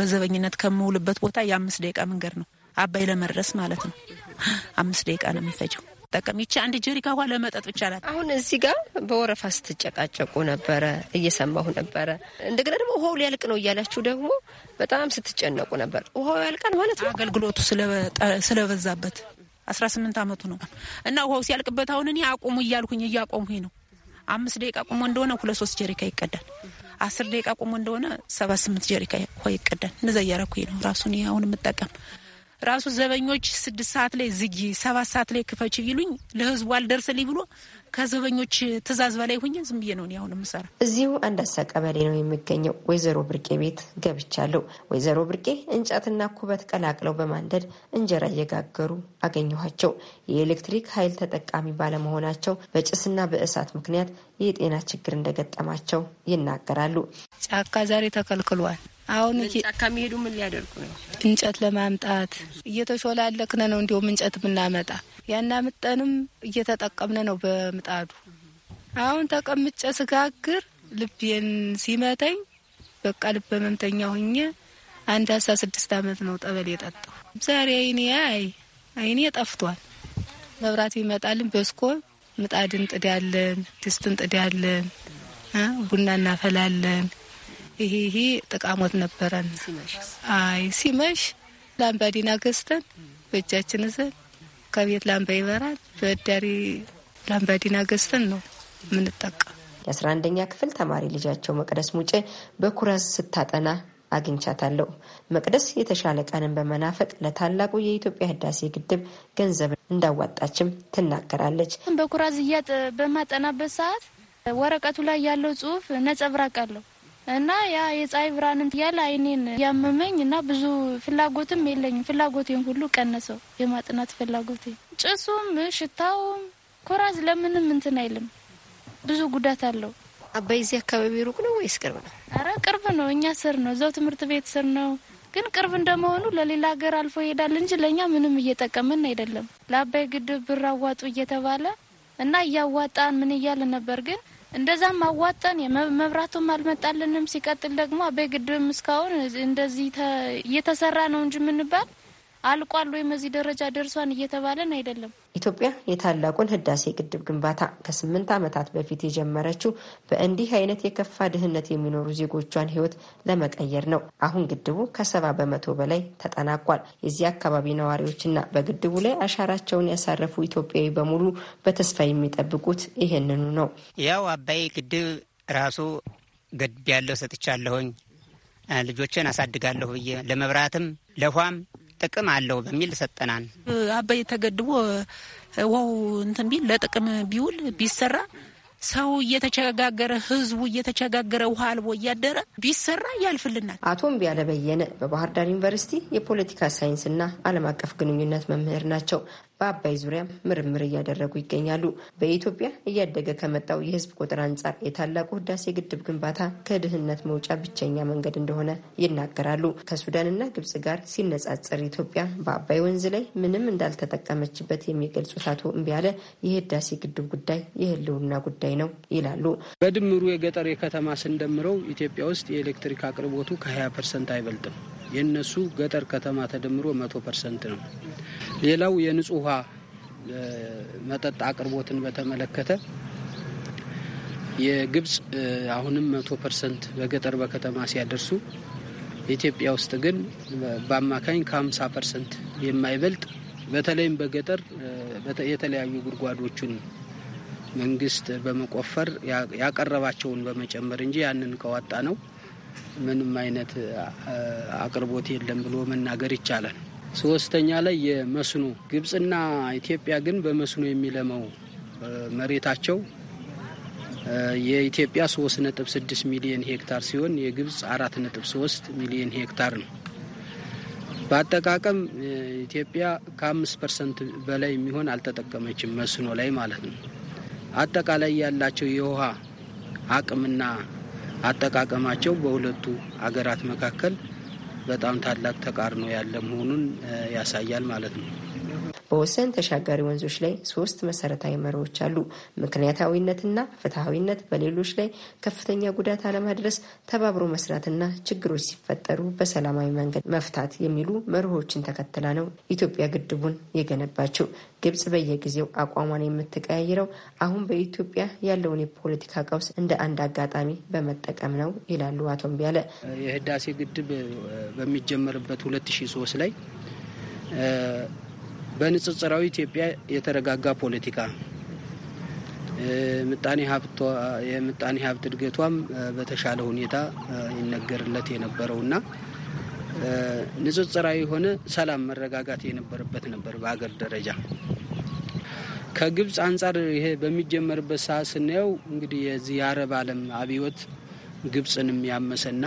በዘበኝነት ከምውልበት ቦታ የአምስት ደቂቃ መንገድ ነው አባይ ለመድረስ ማለት ነው። አምስት ደቂቃ ነው የሚፈጀው። አትጠቀም። ይቺ አንድ ጀሪካ ውሃ ለመጠጥ ብቻ ናት። አሁን እዚህ ጋር በወረፋ ስትጨቃጨቁ ነበረ፣ እየሰማሁ ነበረ። እንደገና ደግሞ ውሃው ሊያልቅ ነው እያላችሁ ደግሞ በጣም ስትጨነቁ ነበር። ውሃው ያልቃል ማለት ነው አገልግሎቱ ስለበዛበት። አስራ ስምንት አመቱ ነው እና ውሃው ሲያልቅበት አሁን እኔ አቁሙ እያልኩኝ እያቆሙኝ ነው። አምስት ደቂቃ ቁሞ እንደሆነ ሁለት ሶስት ጀሪካ ይቀዳል። አስር ደቂቃ ቁሞ እንደሆነ ሰባት ስምንት ጀሪካ ይቀዳል። እንደዛ ነው ራሱን አሁን የምጠቀም ራሱ ዘበኞች ስድስት ሰዓት ላይ ዝጊ፣ ሰባት ሰዓት ላይ ክፈች ይሉኝ ለህዝቡ አልደርስልኝ ብሎ ከዘበኞች ትእዛዝ በላይ ሁኝ ዝም ብዬ ነው አሁን የምሰራ። እዚሁ አንዳሳ ቀበሌ ነው የሚገኘው ወይዘሮ ብርቄ ቤት ገብቻለሁ። ወይዘሮ ብርቄ እንጨትና ኩበት ቀላቅለው በማንደድ እንጀራ እየጋገሩ አገኘኋቸው። የኤሌክትሪክ ኃይል ተጠቃሚ ባለመሆናቸው በጭስና በእሳት ምክንያት የጤና ችግር እንደገጠማቸው ይናገራሉ። ጫካ ዛሬ ተከልክሏል። አሁን ጫካ የሚሄዱ ምን ሊያደርጉ ነው? እንጨት ለማምጣት እየተሾላለክነ ነው። እንዲሁም እንጨት የምናመጣ ያናምጠንም እየተጠቀምነ ነው በምጣዱ። አሁን ተቀምጨ ስጋግር ልቤን ሲመተኝ በቃ ልበ መምተኛ ሁኜ አንድ አስራ ስድስት አመት ነው ጠበል የጠጣው። ዛሬ አይኔ አይ አይኔ ጠፍቷል። መብራት ይመጣልን በስኮ ምጣድ እንጥዳለን፣ ድስት እንጥዳለን፣ ቡና እናፈላለን። ይሄ ይሄ ጥቃሞት ነበረን። አይ ሲመሽ ላምባዲና ገዝተን በእጃችን ዘን ከቤት ላምባ ይበራል በዳሪ ላምባዲና ገዝተን ነው የምንጠቀም። የአስራ አንደኛ ክፍል ተማሪ ልጃቸው መቅደስ ሙጬ በኩራዝ ስታጠና አግኝቻታለሁ። መቅደስ የተሻለ ቀንን በመናፈቅ ለታላቁ የኢትዮጵያ ህዳሴ ግድብ ገንዘብ እንዳዋጣችም ትናገራለች። በኩራዝ እያጥ በማጠናበት ሰዓት ወረቀቱ ላይ ያለው ጽሁፍ ነጸብራቅ አለው እና ያ የፀሐይ ብርሃን ያለ አይኔን ያመመኝ እና ብዙ ፍላጎትም የለኝም። ፍላጎቴን ሁሉ ቀነሰው፣ የማጥናት ፍላጎቴ ጭሱም፣ ሽታውም ኮራዝ ለምንም እንትን አይልም። ብዙ ጉዳት አለው። አባይ እዚህ አካባቢ ሩቅ ነው ወይስ ቅርብ ነው? አረ ቅርብ ነው። እኛ ስር ነው፣ እዛው ትምህርት ቤት ስር ነው። ግን ቅርብ እንደመሆኑ ለሌላ ሀገር አልፎ ይሄዳል እንጂ ለእኛ ምንም እየጠቀምን አይደለም። ለአባይ ግድብ ብር አዋጡ እየተባለ እና እያዋጣን ምን እያልን ነበር ግን እንደዛም አዋጠን መብራቱም አልመጣልንም። ሲቀጥል ደግሞ አባይ ግድብም እስካሁን እንደዚህ እየተሰራ ነው እንጂ የምንባል አልቋል ወይም እዚህ ደረጃ ደርሷን እየተባለን አይደለም። ኢትዮጵያ የታላቁን ህዳሴ ግድብ ግንባታ ከስምንት ዓመታት በፊት የጀመረችው በእንዲህ አይነት የከፋ ድህነት የሚኖሩ ዜጎቿን ህይወት ለመቀየር ነው። አሁን ግድቡ ከሰባ በመቶ በላይ ተጠናቋል። የዚህ አካባቢ ነዋሪዎችና በግድቡ ላይ አሻራቸውን ያሳረፉ ኢትዮጵያዊ በሙሉ በተስፋ የሚጠብቁት ይህንኑ ነው። ያው አባይ ግድብ ራሱ ገድብ ያለው ሰጥቻለሁኝ ልጆችን አሳድጋለሁ ብዬ ለመብራትም ለውሃም ጥቅም አለው በሚል ሰጠናን። አባይ ተገድቦ ውሃው እንትን ቢል ለጥቅም ቢውል ቢሰራ ሰው እየተቸጋገረ ህዝቡ እየተቸጋገረ ውሃ አልቦ እያደረ ቢሰራ ያልፍልናል። አቶ እምቢያለ በየነ በባህር ዳር ዩኒቨርሲቲ የፖለቲካ ሳይንስና ዓለም አቀፍ ግንኙነት መምህር ናቸው። በአባይ ዙሪያ ምርምር እያደረጉ ይገኛሉ። በኢትዮጵያ እያደገ ከመጣው የህዝብ ቁጥር አንጻር የታላቁ ህዳሴ ግድብ ግንባታ ከድህነት መውጫ ብቸኛ መንገድ እንደሆነ ይናገራሉ። ከሱዳንና ግብጽ ጋር ሲነጻጸር ኢትዮጵያ በአባይ ወንዝ ላይ ምንም እንዳልተጠቀመችበት የሚገልጹት አቶ እምቢያለ የህዳሴ ግድብ ጉዳይ የህልውና ጉዳይ ነው ይላሉ። በድምሩ የገጠር የከተማ ስንደምረው ኢትዮጵያ ውስጥ የኤሌክትሪክ አቅርቦቱ ከ20 ፐርሰንት አይበልጥም። የእነሱ ገጠር ከተማ ተደምሮ መቶ ፐርሰንት ነው። ሌላው የንጹህ ውሃ መጠጥ አቅርቦትን በተመለከተ የግብጽ አሁንም መቶ ፐርሰንት በገጠር በከተማ ሲያደርሱ ኢትዮጵያ ውስጥ ግን በአማካኝ ከ50 ፐርሰንት የማይበልጥ በተለይም በገጠር የተለያዩ ጉድጓዶቹን መንግስት በመቆፈር ያቀረባቸውን በመጨመር እንጂ ያንን ከዋጣ ነው ምንም አይነት አቅርቦት የለም ብሎ መናገር ይቻላል። ሶስተኛ ላይ የመስኖ ግብፅና ኢትዮጵያ ግን በመስኖ የሚለመው መሬታቸው የኢትዮጵያ 3.6 ሚሊዮን ሄክታር ሲሆን የግብፅ 4.3 ሚሊዮን ሄክታር ነው። በአጠቃቀም ኢትዮጵያ ከ5 ፐርሰንት በላይ የሚሆን አልተጠቀመችም መስኖ ላይ ማለት ነው። አጠቃላይ ያላቸው የውሃ አቅምና አጠቃቀማቸው በሁለቱ አገራት መካከል በጣም ታላቅ ተቃርኖ ያለ መሆኑን ያሳያል ማለት ነው። በወሰን ተሻጋሪ ወንዞች ላይ ሶስት መሰረታዊ መርሆዎች አሉ። ምክንያታዊነትና ፍትሐዊነት፣ በሌሎች ላይ ከፍተኛ ጉዳት አለማድረስ፣ ተባብሮ መስራትና ችግሮች ሲፈጠሩ በሰላማዊ መንገድ መፍታት የሚሉ መርሆችን ተከትላ ነው ኢትዮጵያ ግድቡን የገነባችው። ግብጽ በየጊዜው አቋሟን የምትቀያይረው አሁን በኢትዮጵያ ያለውን የፖለቲካ ቀውስ እንደ አንድ አጋጣሚ በመጠቀም ነው ይላሉ አቶ ቢያለ። የህዳሴ ግድብ በሚጀመርበት 2003 ላይ በንጽጽራዊ ኢትዮጵያ የተረጋጋ ፖለቲካ የምጣኔ ሀብት እድገቷም በተሻለ ሁኔታ ይነገርለት የነበረውና ንጽጽራዊ የሆነ ሰላም መረጋጋት የነበረበት ነበር በሀገር ደረጃ። ከግብፅ አንጻር ይሄ በሚጀመርበት ሰዓት ስናየው እንግዲህ የዚህ የአረብ ዓለም አብዮት ግብፅንም ያመሰና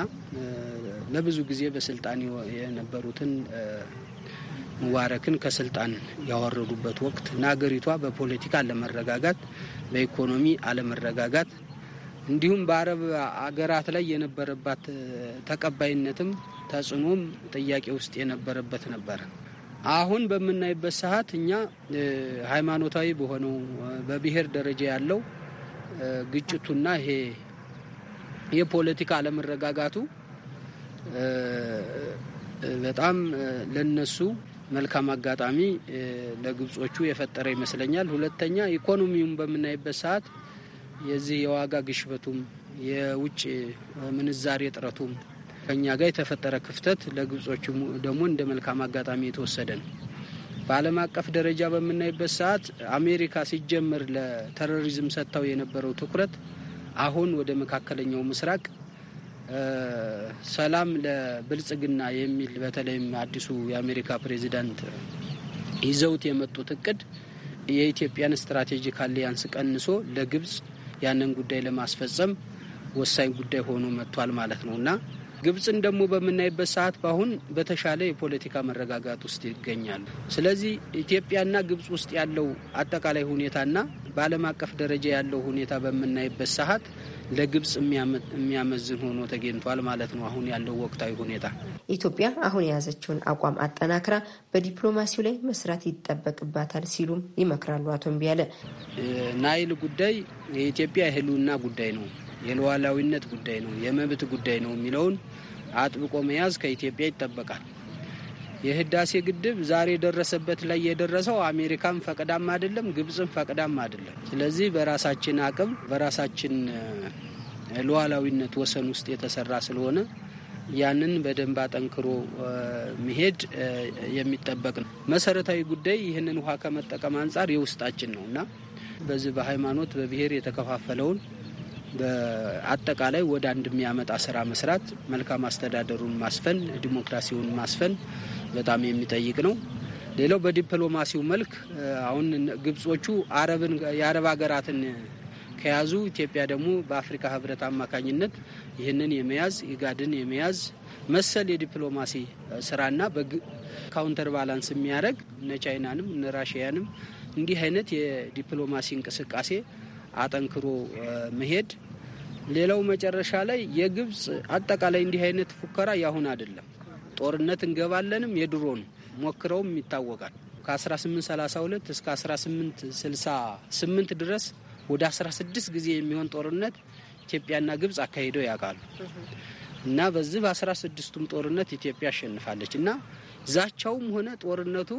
ለብዙ ጊዜ በስልጣን የነበሩትን ሙባረክን ከስልጣን ያወረዱበት ወቅት እና ሀገሪቷ በፖለቲካ አለመረጋጋት፣ በኢኮኖሚ አለመረጋጋት እንዲሁም በአረብ አገራት ላይ የነበረባት ተቀባይነትም ተጽዕኖም ጥያቄ ውስጥ የነበረበት ነበር። አሁን በምናይበት ሰዓት እኛ ሃይማኖታዊ በሆነው በብሔር ደረጃ ያለው ግጭቱና ይሄ የፖለቲካ አለመረጋጋቱ በጣም ለነሱ መልካም አጋጣሚ ለግብጾቹ የፈጠረ ይመስለኛል። ሁለተኛ ኢኮኖሚውን በምናይበት ሰዓት የዚህ የዋጋ ግሽበቱም የውጭ ምንዛሬ እጥረቱም ከኛ ጋር የተፈጠረ ክፍተት ለግብጾቹ ደግሞ እንደ መልካም አጋጣሚ የተወሰደ ነው። በዓለም አቀፍ ደረጃ በምናይበት ሰዓት አሜሪካ ሲጀምር ለተሮሪዝም ሰጥተው የነበረው ትኩረት አሁን ወደ መካከለኛው ምስራቅ ሰላም ለብልጽግና የሚል በተለይም አዲሱ የአሜሪካ ፕሬዚዳንት ይዘውት የመጡት እቅድ የኢትዮጵያን ስትራቴጂክ አሊያንስ ቀንሶ ለግብጽ ያንን ጉዳይ ለማስፈጸም ወሳኝ ጉዳይ ሆኖ መጥቷል ማለት ነው እና ግብፅን ደግሞ በምናይበት ሰዓት በአሁን በተሻለ የፖለቲካ መረጋጋት ውስጥ ይገኛሉ። ስለዚህ ኢትዮጵያና ግብፅ ውስጥ ያለው አጠቃላይ ሁኔታና በዓለም አቀፍ ደረጃ ያለው ሁኔታ በምናይበት ሰዓት ለግብፅ የሚያመዝን ሆኖ ተገኝቷል ማለት ነው። አሁን ያለው ወቅታዊ ሁኔታ ኢትዮጵያ አሁን የያዘችውን አቋም አጠናክራ በዲፕሎማሲው ላይ መስራት ይጠበቅባታል ሲሉም ይመክራሉ። አቶ እምቢያለ ናይል ጉዳይ የኢትዮጵያ የህልውና ጉዳይ ነው። የሉዓላዊነት ጉዳይ ነው፣ የመብት ጉዳይ ነው የሚለውን አጥብቆ መያዝ ከኢትዮጵያ ይጠበቃል። የህዳሴ ግድብ ዛሬ ደረሰበት ላይ የደረሰው አሜሪካን ፈቅዳም አይደለም፣ ግብፅን ፈቅዳም አይደለም። ስለዚህ በራሳችን አቅም በራሳችን ሉዓላዊነት ወሰን ውስጥ የተሰራ ስለሆነ ያንን በደንብ አጠንክሮ መሄድ የሚጠበቅ ነው። መሰረታዊ ጉዳይ ይህንን ውሃ ከመጠቀም አንጻር የውስጣችን ነው እና በዚህ በሃይማኖት በብሔር የተከፋፈለውን በአጠቃላይ ወደ አንድ የሚያመጣ ስራ መስራት፣ መልካም አስተዳደሩን ማስፈን፣ ዲሞክራሲውን ማስፈን በጣም የሚጠይቅ ነው። ሌላው በዲፕሎማሲው መልክ አሁን ግብጾቹ አረብን የአረብ ሀገራትን ከያዙ ኢትዮጵያ ደግሞ በአፍሪካ ህብረት አማካኝነት ይህንን የመያዝ ኢጋድን የመያዝ መሰል የዲፕሎማሲ ስራና ካውንተር ባላንስ የሚያደርግ እነ ቻይናንም እነ ራሽያንም እንዲህ አይነት የዲፕሎማሲ እንቅስቃሴ አጠንክሮ መሄድ ሌላው መጨረሻ ላይ የግብፅ አጠቃላይ እንዲህ አይነት ፉከራ ያሁን አይደለም። ጦርነት እንገባለንም የድሮ ነው፣ ሞክረውም ይታወቃል። ከ1832 እስከ 1868 ድረስ ወደ 16 ጊዜ የሚሆን ጦርነት ኢትዮጵያና ግብፅ አካሂደው ያውቃሉ። እና በዚህ በ16ቱም ጦርነት ኢትዮጵያ አሸንፋለች። እና ዛቻውም ሆነ ጦርነቱ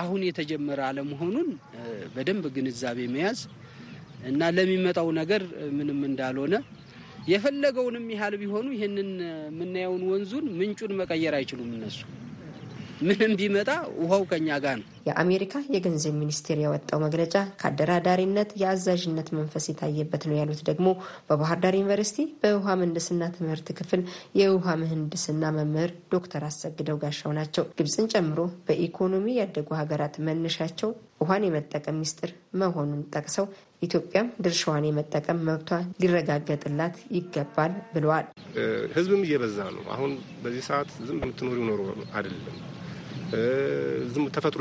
አሁን የተጀመረ አለመሆኑን በደንብ ግንዛቤ መያዝ እና ለሚመጣው ነገር ምንም እንዳልሆነ የፈለገውንም ያህል ቢሆኑ ይህንን የምናየውን ወንዙን ምንጩን መቀየር አይችሉም እነሱ ምንም ቢመጣ ውሃው ከኛ ጋር ነው። የአሜሪካ የገንዘብ ሚኒስቴር ያወጣው መግለጫ ከአደራዳሪነት የአዛዥነት መንፈስ የታየበት ነው ያሉት ደግሞ በባህር ዳር ዩኒቨርሲቲ በውሃ ምህንድስና ትምህርት ክፍል የውሃ ምህንድስና መምህር ዶክተር አሰግደው ጋሻው ናቸው። ግብፅን ጨምሮ በኢኮኖሚ ያደጉ ሀገራት መነሻቸው ውሃን የመጠቀም ሚስጥር መሆኑን ጠቅሰው ኢትዮጵያም ድርሻዋን የመጠቀም መብቷ ሊረጋገጥላት ይገባል ብለዋል። ህዝብም እየበዛ ነው። አሁን በዚህ ሰዓት ዝም የምትኖሪው ኖሮ አይደለም። ዝም ተፈጥሮ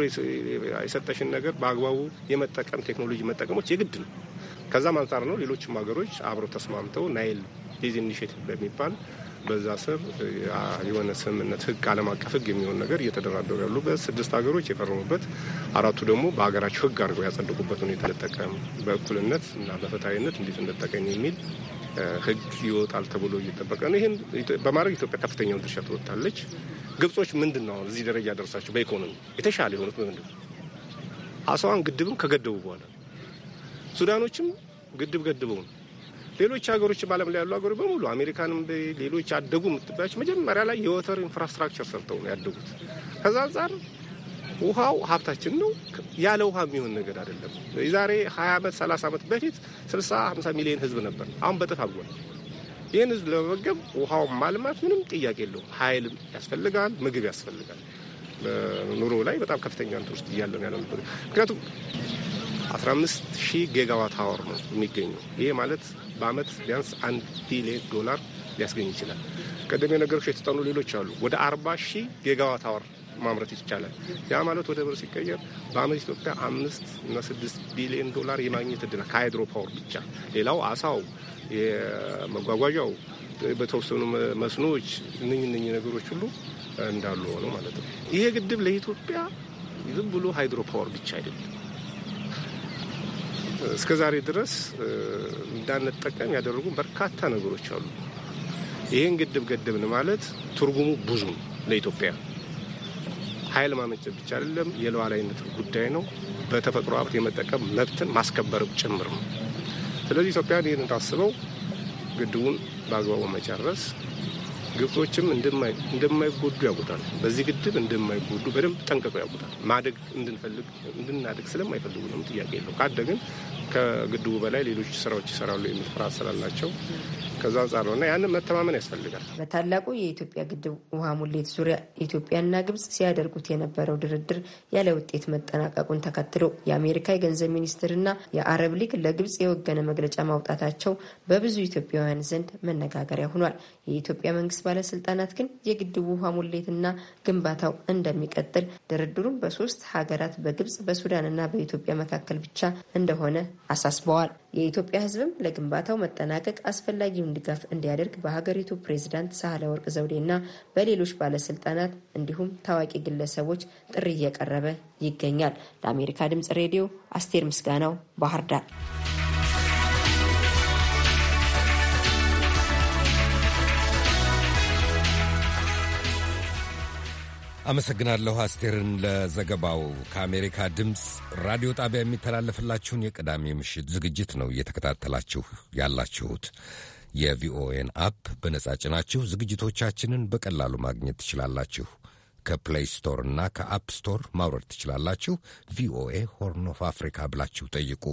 የሰጠሽን ነገር በአግባቡ የመጠቀም ቴክኖሎጂ መጠቀሞች የግድ ነው። ከዛም አንጻር ነው ሌሎችም ሀገሮች አብረው ተስማምተው ናይል ቤዝ ኢኒሽቲቭ በሚባል በዛ ስር የሆነ ስምምነት ህግ አለም አቀፍ ህግ የሚሆን ነገር እየተደራደሩ ያሉበት ስድስት ሀገሮች የፈረሙበት አራቱ ደግሞ በሀገራቸው ህግ አድርገው ያጸደቁበት ሁኔታ እንጠቀም በእኩልነት እና በፍትሐዊነት እንዴት እንጠቀም የሚል ህግ ይወጣል ተብሎ እየጠበቀ ነው። ይህን በማድረግ ኢትዮጵያ ከፍተኛውን ድርሻ ትወጣለች። ግብጾች ምንድን ነው አሁን እዚህ ደረጃ ደርሳቸው በኢኮኖሚ የተሻለ የሆኑት በምንድን ነው? አስዋን ግድብም ከገደቡ በኋላ ሱዳኖችም ግድብ ገድበው ነው ሌሎች ሀገሮች በዓለም ላይ ያሉ ሀገሮች በሙሉ አሜሪካንም ሌሎች አደጉ የምትባያቸው መጀመሪያ ላይ የወተር ኢንፍራስትራክቸር ሰርተው ነው ያደጉት። ከዛ አንጻር ውሃው ሀብታችን ነው። ያለ ውሃ የሚሆን ነገር አይደለም። የዛሬ 20 ዓመት 30 ዓመት በፊት 60 50 ሚሊዮን ህዝብ ነበር። አሁን በጥፍ አጓል ይህን ህዝብ ለመመገብ ውሃውን ማልማት ምንም ጥያቄ የለውም። ኃይልም ያስፈልጋል፣ ምግብ ያስፈልጋል። ኑሮ ላይ በጣም ከፍተኛ ንት ውስጥ እያለን ያለ ምክንያቱም 15 ሺህ ጌጋዋት ሀወር ነው የሚገኘው ይሄ ማለት በአመት ቢያንስ አንድ ቢሊዮን ዶላር ሊያስገኝ ይችላል። ቀደም ነገሮች የተጠኑ ሌሎች አሉ። ወደ አርባ ሺህ ጌጋዋት አወር ማምረት ይቻላል። ያ ማለት ወደ ብር ሲቀየር በአመት ኢትዮጵያ አምስት እና ስድስት ቢሊዮን ዶላር የማግኘት እድል ከሃይድሮ ፓወር ብቻ። ሌላው አሳው፣ የመጓጓዣው፣ በተወሰኑ መስኖዎች እነኝ እነኝ ነገሮች ሁሉ እንዳሉ ሆነው ማለት ነው። ይሄ ግድብ ለኢትዮጵያ ዝም ብሎ ሃይድሮ ፓወር ብቻ አይደለም እስከ ዛሬ ድረስ እንዳንጠቀም ያደረጉ በርካታ ነገሮች አሉ። ይህን ግድብ ገደብን ማለት ትርጉሙ ብዙ ለኢትዮጵያ ኃይል ማመንጨት ብቻ አይደለም፣ የሉዓላዊነት ጉዳይ ነው። በተፈጥሮ ሀብት የመጠቀም መብትን ማስከበር ጭምር ነው። ስለዚህ ኢትዮጵያ ይህን ታስበው ግድቡን በአግባቡ መጨረስ ግብጾችም እንደማይጎዱ ያውቁታል። በዚህ ግድብ እንደማይጎዱ በደንብ ጠንቀቀው ያውቁታል። ማደግ እንድንፈልግ እንድናደግ ስለማይፈልጉ ነው። ጥያቄ የለው። ካደግን ከግድቡ በላይ ሌሎች ስራዎች ይሰራሉ የሚል ፍርሃት ስላላቸው ከዛ አንጻር ነው እና ያንን መተማመን ያስፈልጋል። በታላቁ የኢትዮጵያ ግድብ ውሃ ሙሌት ዙሪያ ኢትዮጵያና ግብጽ ሲያደርጉት የነበረው ድርድር ያለ ውጤት መጠናቀቁን ተከትሎ የአሜሪካ የገንዘብ ሚኒስትርና የአረብ ሊግ ለግብጽ የወገነ መግለጫ ማውጣታቸው በብዙ ኢትዮጵያውያን ዘንድ መነጋገሪያ ሆኗል። የኢትዮጵያ መንግስት ባለስልጣናት ግን የግድቡ ውሃ ሙሌትና ግንባታው እንደሚቀጥል ድርድሩም በሶስት ሀገራት በግብጽ በሱዳንና በኢትዮጵያ መካከል ብቻ እንደሆነ አሳስበዋል። የኢትዮጵያ ህዝብም ለግንባታው መጠናቀቅ አስፈላጊውን ድጋፍ እንዲያደርግ በሀገሪቱ ፕሬዚዳንት ወርቅ ዘውዴ እና በሌሎች ባለስልጣናት እንዲሁም ታዋቂ ግለሰቦች ጥሪ እየቀረበ ይገኛል። ለአሜሪካ ድምጽ ሬዲዮ አስቴር ምስጋናው ባህር ዳር። አመሰግናለሁ አስቴርን ለዘገባው። ከአሜሪካ ድምፅ ራዲዮ ጣቢያ የሚተላለፍላችሁን የቅዳሜ ምሽት ዝግጅት ነው እየተከታተላችሁ ያላችሁት። የቪኦኤን አፕ በነጻ ጭናችሁ ዝግጅቶቻችንን በቀላሉ ማግኘት ትችላላችሁ። ከፕሌይ ስቶር እና ከአፕ ስቶር ማውረድ ትችላላችሁ። ቪኦኤ ሆርን ኦፍ አፍሪካ ብላችሁ ጠይቁ።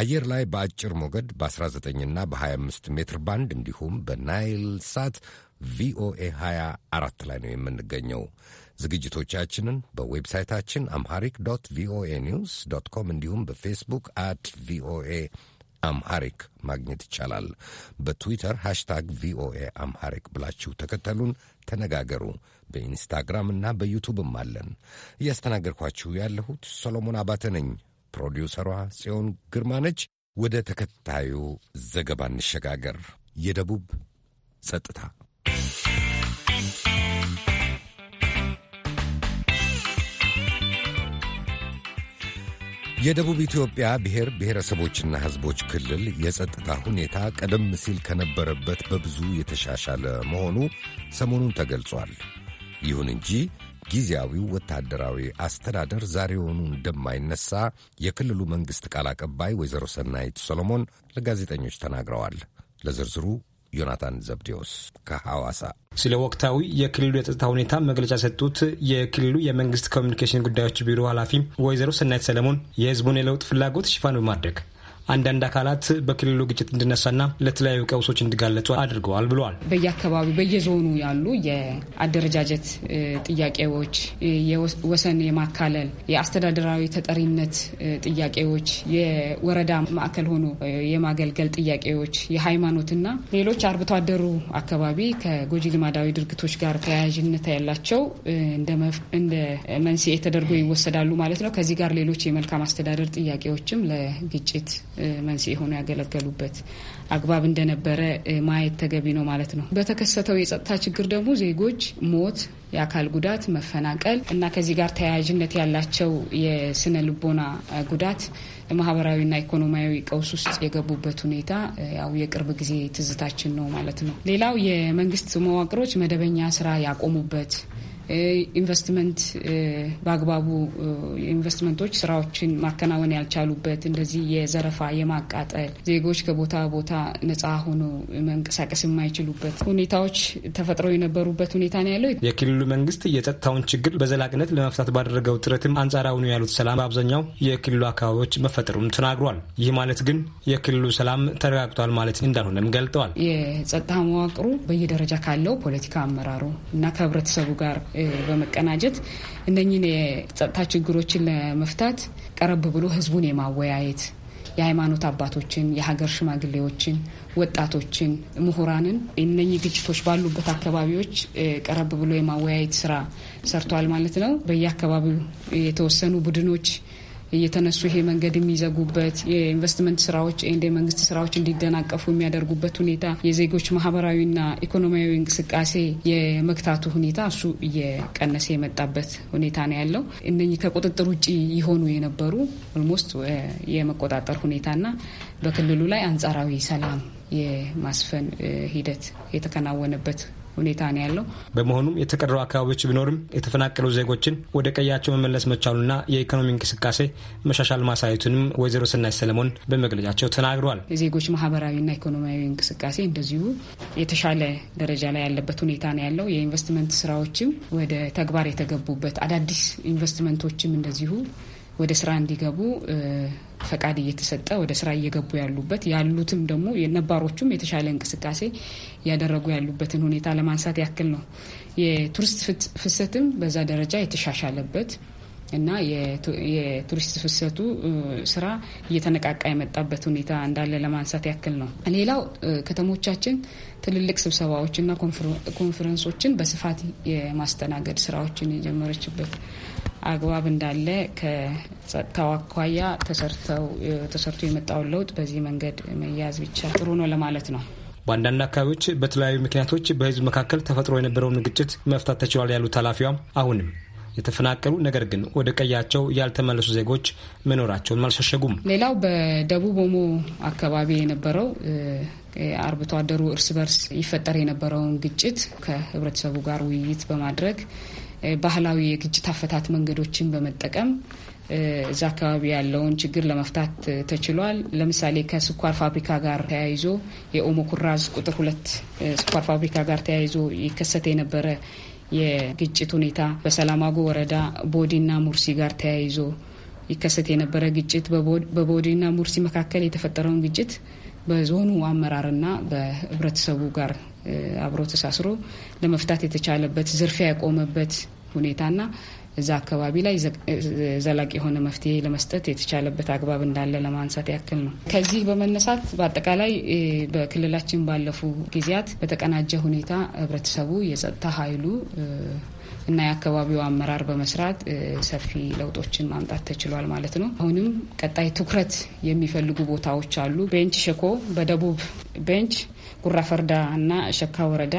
አየር ላይ በአጭር ሞገድ በ19ና በ25 ሜትር ባንድ እንዲሁም በናይል ሳት ቪኦኤ 24 ላይ ነው የምንገኘው። ዝግጅቶቻችንን በዌብሳይታችን አምሃሪክ ዶት ቪኦኤ ኒውስ ዶት ኮም እንዲሁም በፌስቡክ አት ቪኦኤ አምሃሪክ ማግኘት ይቻላል። በትዊተር ሃሽታግ ቪኦኤ አምሃሪክ ብላችሁ ተከተሉን፣ ተነጋገሩ። በኢንስታግራም እና በዩቱብም አለን። እያስተናገድኳችሁ ያለሁት ሰሎሞን አባተ ነኝ። ፕሮዲውሰሯ ጽዮን ግርማ ነች። ወደ ተከታዩ ዘገባ እንሸጋገር። የደቡብ ጸጥታ የደቡብ ኢትዮጵያ ብሔር ብሔረሰቦችና ሕዝቦች ክልል የጸጥታ ሁኔታ ቀደም ሲል ከነበረበት በብዙ የተሻሻለ መሆኑ ሰሞኑን ተገልጿል። ይሁን እንጂ ጊዜያዊው ወታደራዊ አስተዳደር ዛሬውኑ እንደማይነሳ የክልሉ መንግሥት ቃል አቀባይ ወይዘሮ ሰናይት ሰሎሞን ለጋዜጠኞች ተናግረዋል። ለዝርዝሩ ዮናታን ዘብዴዎስ ከሐዋሳ ስለ ወቅታዊ የክልሉ የጸጥታ ሁኔታ መግለጫ ሰጡት። የክልሉ የመንግስት ኮሚኒኬሽን ጉዳዮች ቢሮ ኃላፊ ወይዘሮ ሰናይት ሰለሞን የህዝቡን የለውጥ ፍላጎት ሽፋን በማድረግ አንዳንድ አካላት በክልሉ ግጭት እንዲነሳና ለተለያዩ ቀውሶች እንዲጋለጡ አድርገዋል ብለዋል። በየአካባቢው በየዞኑ ያሉ የአደረጃጀት ጥያቄዎች፣ የወሰን የማካለል የአስተዳደራዊ ተጠሪነት ጥያቄዎች፣ የወረዳ ማዕከል ሆኖ የማገልገል ጥያቄዎች፣ የሃይማኖትና ሌሎች አርብቶ አደሩ አካባቢ ከጎጂ ልማዳዊ ድርጊቶች ጋር ተያያዥነት ያላቸው እንደ መንስኤ ተደርጎ ይወሰዳሉ ማለት ነው። ከዚህ ጋር ሌሎች የመልካም አስተዳደር ጥያቄዎችም ለግጭት መንስኤ ሆኖ ያገለገሉበት አግባብ እንደነበረ ማየት ተገቢ ነው ማለት ነው። በተከሰተው የጸጥታ ችግር ደግሞ ዜጎች ሞት፣ የአካል ጉዳት፣ መፈናቀል እና ከዚህ ጋር ተያያዥነት ያላቸው የስነ ልቦና ጉዳት ማህበራዊና ኢኮኖሚያዊ ቀውስ ውስጥ የገቡበት ሁኔታ ያው የቅርብ ጊዜ ትዝታችን ነው ማለት ነው። ሌላው የመንግስት መዋቅሮች መደበኛ ስራ ያቆሙበት ኢንቨስትመንት በአግባቡ ኢንቨስትመንቶች ስራዎችን ማከናወን ያልቻሉበት እንደዚህ የዘረፋ የማቃጠል ዜጎች ከቦታ ቦታ ነጻ ሆኖ መንቀሳቀስ የማይችሉበት ሁኔታዎች ተፈጥረው የነበሩበት ሁኔታ ነው ያለው። የክልሉ መንግስት የጸጥታውን ችግር በዘላቂነት ለመፍታት ባደረገው ጥረትም አንጻራዊ ነው ያሉት ሰላም በአብዛኛው የክልሉ አካባቢዎች መፈጠሩም ተናግሯል። ይህ ማለት ግን የክልሉ ሰላም ተረጋግቷል ማለት እንዳልሆነም ገልጠዋል። የጸጥታ መዋቅሩ በየደረጃ ካለው ፖለቲካ አመራሩ እና ከህብረተሰቡ ጋር በመቀናጀት እነኚህን የጸጥታ ችግሮችን ለመፍታት ቀረብ ብሎ ህዝቡን የማወያየት የሃይማኖት አባቶችን፣ የሀገር ሽማግሌዎችን፣ ወጣቶችን፣ ምሁራንን እነኚህ ግጭቶች ባሉበት አካባቢዎች ቀረብ ብሎ የማወያየት ስራ ሰርቷል ማለት ነው። በየአካባቢው የተወሰኑ ቡድኖች እየተነሱ ይሄ መንገድ የሚዘጉበት የኢንቨስትመንት ስራዎች ኤንድ የመንግስት ስራዎች እንዲደናቀፉ የሚያደርጉበት ሁኔታ የዜጎች ማህበራዊና ኢኮኖሚያዊ እንቅስቃሴ የመግታቱ ሁኔታ እሱ እየቀነሰ የመጣበት ሁኔታ ነው ያለው። እነኚህ ከቁጥጥር ውጭ የሆኑ የነበሩ ኦልሞስት የመቆጣጠር ሁኔታና በክልሉ ላይ አንጻራዊ ሰላም የማስፈን ሂደት የተከናወነበት ሁኔታ ነው ያለው። በመሆኑም የተቀረሩ አካባቢዎች ቢኖርም የተፈናቀሉ ዜጎችን ወደ ቀያቸው መመለስ መቻሉና የኢኮኖሚ እንቅስቃሴ መሻሻል ማሳየቱንም ወይዘሮ ስናይ ሰለሞን በመግለጫቸው ተናግረዋል። የዜጎች ማህበራዊና ኢኮኖሚያዊ እንቅስቃሴ እንደዚሁ የተሻለ ደረጃ ላይ ያለበት ሁኔታ ነው ያለው። የኢንቨስትመንት ስራዎችም ወደ ተግባር የተገቡበት አዳዲስ ኢንቨስትመንቶችም እንደዚሁ ወደ ስራ እንዲገቡ ፈቃድ እየተሰጠ ወደ ስራ እየገቡ ያሉበት ያሉትም ደግሞ ነባሮቹም የተሻለ እንቅስቃሴ እያደረጉ ያሉበትን ሁኔታ ለማንሳት ያክል ነው። የቱሪስት ፍሰትም በዛ ደረጃ የተሻሻለበት እና የቱሪስት ፍሰቱ ስራ እየተነቃቃ የመጣበት ሁኔታ እንዳለ ለማንሳት ያክል ነው። ሌላው ከተሞቻችን ትልልቅ ስብሰባዎችና ኮንፈረንሶችን በስፋት የማስተናገድ ስራዎችን የጀመረችበት አግባብ እንዳለ ከጸጥታው አኳያ ተሰርቶ የመጣውን ለውጥ በዚህ መንገድ መያዝ ብቻ ጥሩ ነው ለማለት ነው። በአንዳንድ አካባቢዎች በተለያዩ ምክንያቶች በህዝብ መካከል ተፈጥሮ የነበረውን ግጭት መፍታት ተችሏል ያሉት ኃላፊዋ አሁንም የተፈናቀሉ ነገር ግን ወደ ቀያቸው ያልተመለሱ ዜጎች መኖራቸውን አልሸሸጉም። ሌላው በደቡብ ኦሞ አካባቢ የነበረው አርብቶ አደሩ እርስ በርስ ይፈጠር የነበረውን ግጭት ከህብረተሰቡ ጋር ውይይት በማድረግ ባህላዊ የግጭት አፈታት መንገዶችን በመጠቀም እዛ አካባቢ ያለውን ችግር ለመፍታት ተችሏል። ለምሳሌ ከስኳር ፋብሪካ ጋር ተያይዞ የኦሞ ኩራዝ ቁጥር ሁለት ስኳር ፋብሪካ ጋር ተያይዞ ይከሰት የነበረ የግጭት ሁኔታ በሰላማጎ ወረዳ ቦዲና ሙርሲ ጋር ተያይዞ ይከሰት የነበረ ግጭት በቦዲና ሙርሲ መካከል የተፈጠረውን ግጭት በዞኑ አመራርና በህብረተሰቡ ጋር አብሮ ተሳስሮ ለመፍታት የተቻለበት ዝርፊያ ያቆመበት ሁኔታና እዛ አካባቢ ላይ ዘላቂ የሆነ መፍትሄ ለመስጠት የተቻለበት አግባብ እንዳለ ለማንሳት ያክል ነው። ከዚህ በመነሳት በአጠቃላይ በክልላችን ባለፉ ጊዜያት በተቀናጀ ሁኔታ ህብረተሰቡ፣ የጸጥታ ኃይሉ እና የአካባቢው አመራር በመስራት ሰፊ ለውጦችን ማምጣት ተችሏል ማለት ነው። አሁንም ቀጣይ ትኩረት የሚፈልጉ ቦታዎች አሉ። ቤንች ሸኮ በደቡብ ቤንች ጉራ ፈርዳ እና ሸካ ወረዳ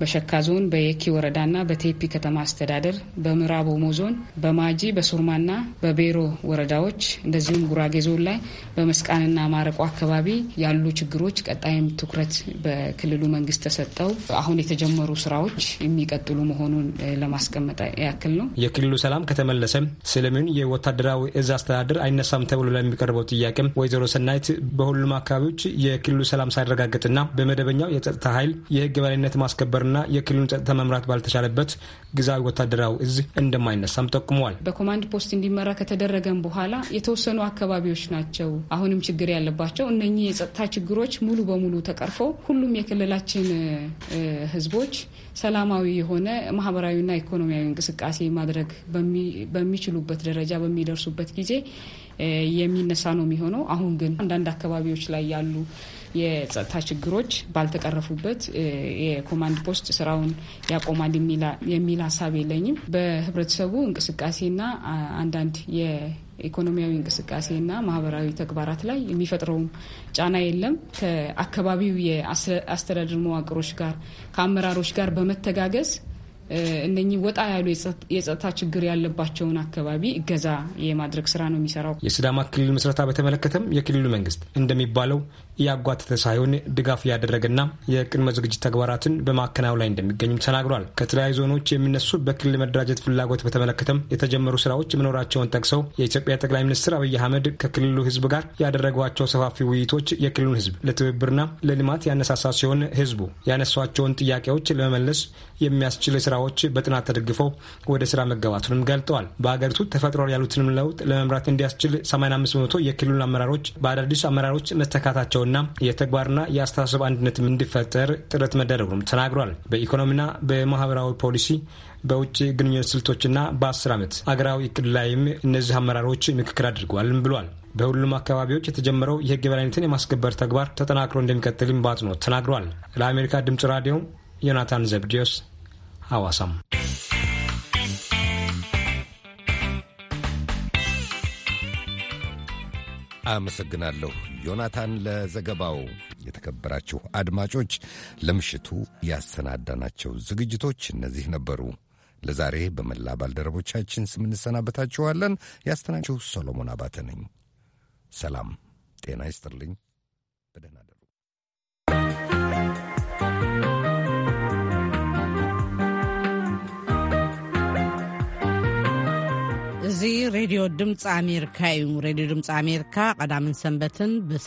በሸካ ዞን በየኪ ወረዳና በቴፒ ከተማ አስተዳደር፣ በምዕራብ ኦሞ ዞን በማጂ በሱርማና በቤሮ ወረዳዎች እንደዚሁም ጉራጌ ዞን ላይ በመስቃንና ማረቆ አካባቢ ያሉ ችግሮች ቀጣይም ትኩረት በክልሉ መንግስት ተሰጠው አሁን የተጀመሩ ስራዎች የሚቀጥሉ መሆኑን ለማስቀመጥ ያክል ነው። የክልሉ ሰላም ከተመለሰ ስለምን የወታደራዊ እዝ አስተዳደር አይነሳም ተብሎ ለሚቀርበው ጥያቄ ወይዘሮ ሰናይት በሁሉም አካባቢዎች የክልሉ ሰላም ሳይረጋገጥና በመደበኛው የጸጥታ ኃይል የህግ በላይነት ማስከበር መመራቱና የክልሉን ጸጥታ መምራት ባልተቻለበት ግዛዊ ወታደራዊ እዝ እንደማይነሳም ጠቁመዋል። በኮማንድ ፖስት እንዲመራ ከተደረገም በኋላ የተወሰኑ አካባቢዎች ናቸው አሁንም ችግር ያለባቸው። እነኚህ የጸጥታ ችግሮች ሙሉ በሙሉ ተቀርፈው ሁሉም የክልላችን ህዝቦች ሰላማዊ የሆነ ማህበራዊና ኢኮኖሚያዊ እንቅስቃሴ ማድረግ በሚችሉበት ደረጃ በሚደርሱበት ጊዜ የሚነሳ ነው የሚሆነው። አሁን ግን አንዳንድ አካባቢዎች ላይ ያሉ የጸጥታ ችግሮች ባልተቀረፉበት የኮማንድ ፖስት ስራውን ያቆማል የሚል ሀሳብ የለኝም። በህብረተሰቡ እንቅስቃሴና አንዳንድ ኢኮኖሚያዊ እንቅስቃሴና ማህበራዊ ተግባራት ላይ የሚፈጥረውም ጫና የለም። ከአካባቢው የአስተዳደር መዋቅሮች ጋር ከአመራሮች ጋር በመተጋገዝ እነኚህ ወጣ ያሉ የጸጥታ ችግር ያለባቸውን አካባቢ እገዛ የማድረግ ስራ ነው የሚሰራው። የስዳማ ክልል ምስረታ በተመለከተም የክልሉ መንግስት እንደሚባለው ያጓተተ ሳይሆን ድጋፍ እያደረገና የቅድመ ዝግጅት ተግባራትን በማከናወን ላይ እንደሚገኝም ተናግሯል። ከተለያዩ ዞኖች የሚነሱ በክልል መደራጀት ፍላጎት በተመለከተም የተጀመሩ ስራዎች መኖራቸውን ጠቅሰው የኢትዮጵያ ጠቅላይ ሚኒስትር አብይ አህመድ ከክልሉ ህዝብ ጋር ያደረጓቸው ሰፋፊ ውይይቶች የክልሉን ህዝብ ለትብብርና ለልማት ያነሳሳ ሲሆን ህዝቡ ያነሷቸውን ጥያቄዎች ለመመለስ የሚያስችል ስራዎች በጥናት ተደግፈው ወደ ስራ መገባቱንም ገልጠዋል። በሀገሪቱ ተፈጥሯል ያሉትንም ለውጥ ለመምራት እንዲያስችል 85 በመቶ የክልሉ አመራሮች በአዳዲስ አመራሮች መተካታቸውን እንዲያደርጉና የተግባርና የአስተሳሰብ አንድነትም እንዲፈጠር ጥረት መደረጉም ተናግሯል። በኢኮኖሚና በማህበራዊ ፖሊሲ በውጭ ግንኙነት ስልቶችና በአስር ዓመት አገራዊ እቅድ ላይም እነዚህ አመራሮች ምክክር አድርገዋልም ብሏል። በሁሉም አካባቢዎች የተጀመረው የህግ የበላይነትን የማስከበር ተግባር ተጠናክሮ እንደሚቀጥልም በአጽንኦት ተናግሯል። ለአሜሪካ ድምጽ ራዲዮ ዮናታን ዘብዲዮስ አዋሳም። አመሰግናለሁ ዮናታን ለዘገባው። የተከበራችሁ አድማጮች ለምሽቱ ያሰናዳናቸው ዝግጅቶች እነዚህ ነበሩ። ለዛሬ በመላ ባልደረቦቻችን ስም እንሰናበታችኋለን። ያስተናችሁ ሰሎሞን አባተ ነኝ። ሰላም ጤና ይስጥልኝ። በደህና ደሩ። እዚ ሬድዮ ድምፂ ኣሜሪካ እዩ ሬድዮ ድምፂ ኣሜሪካ ቀዳምን ሰንበትን ብሳ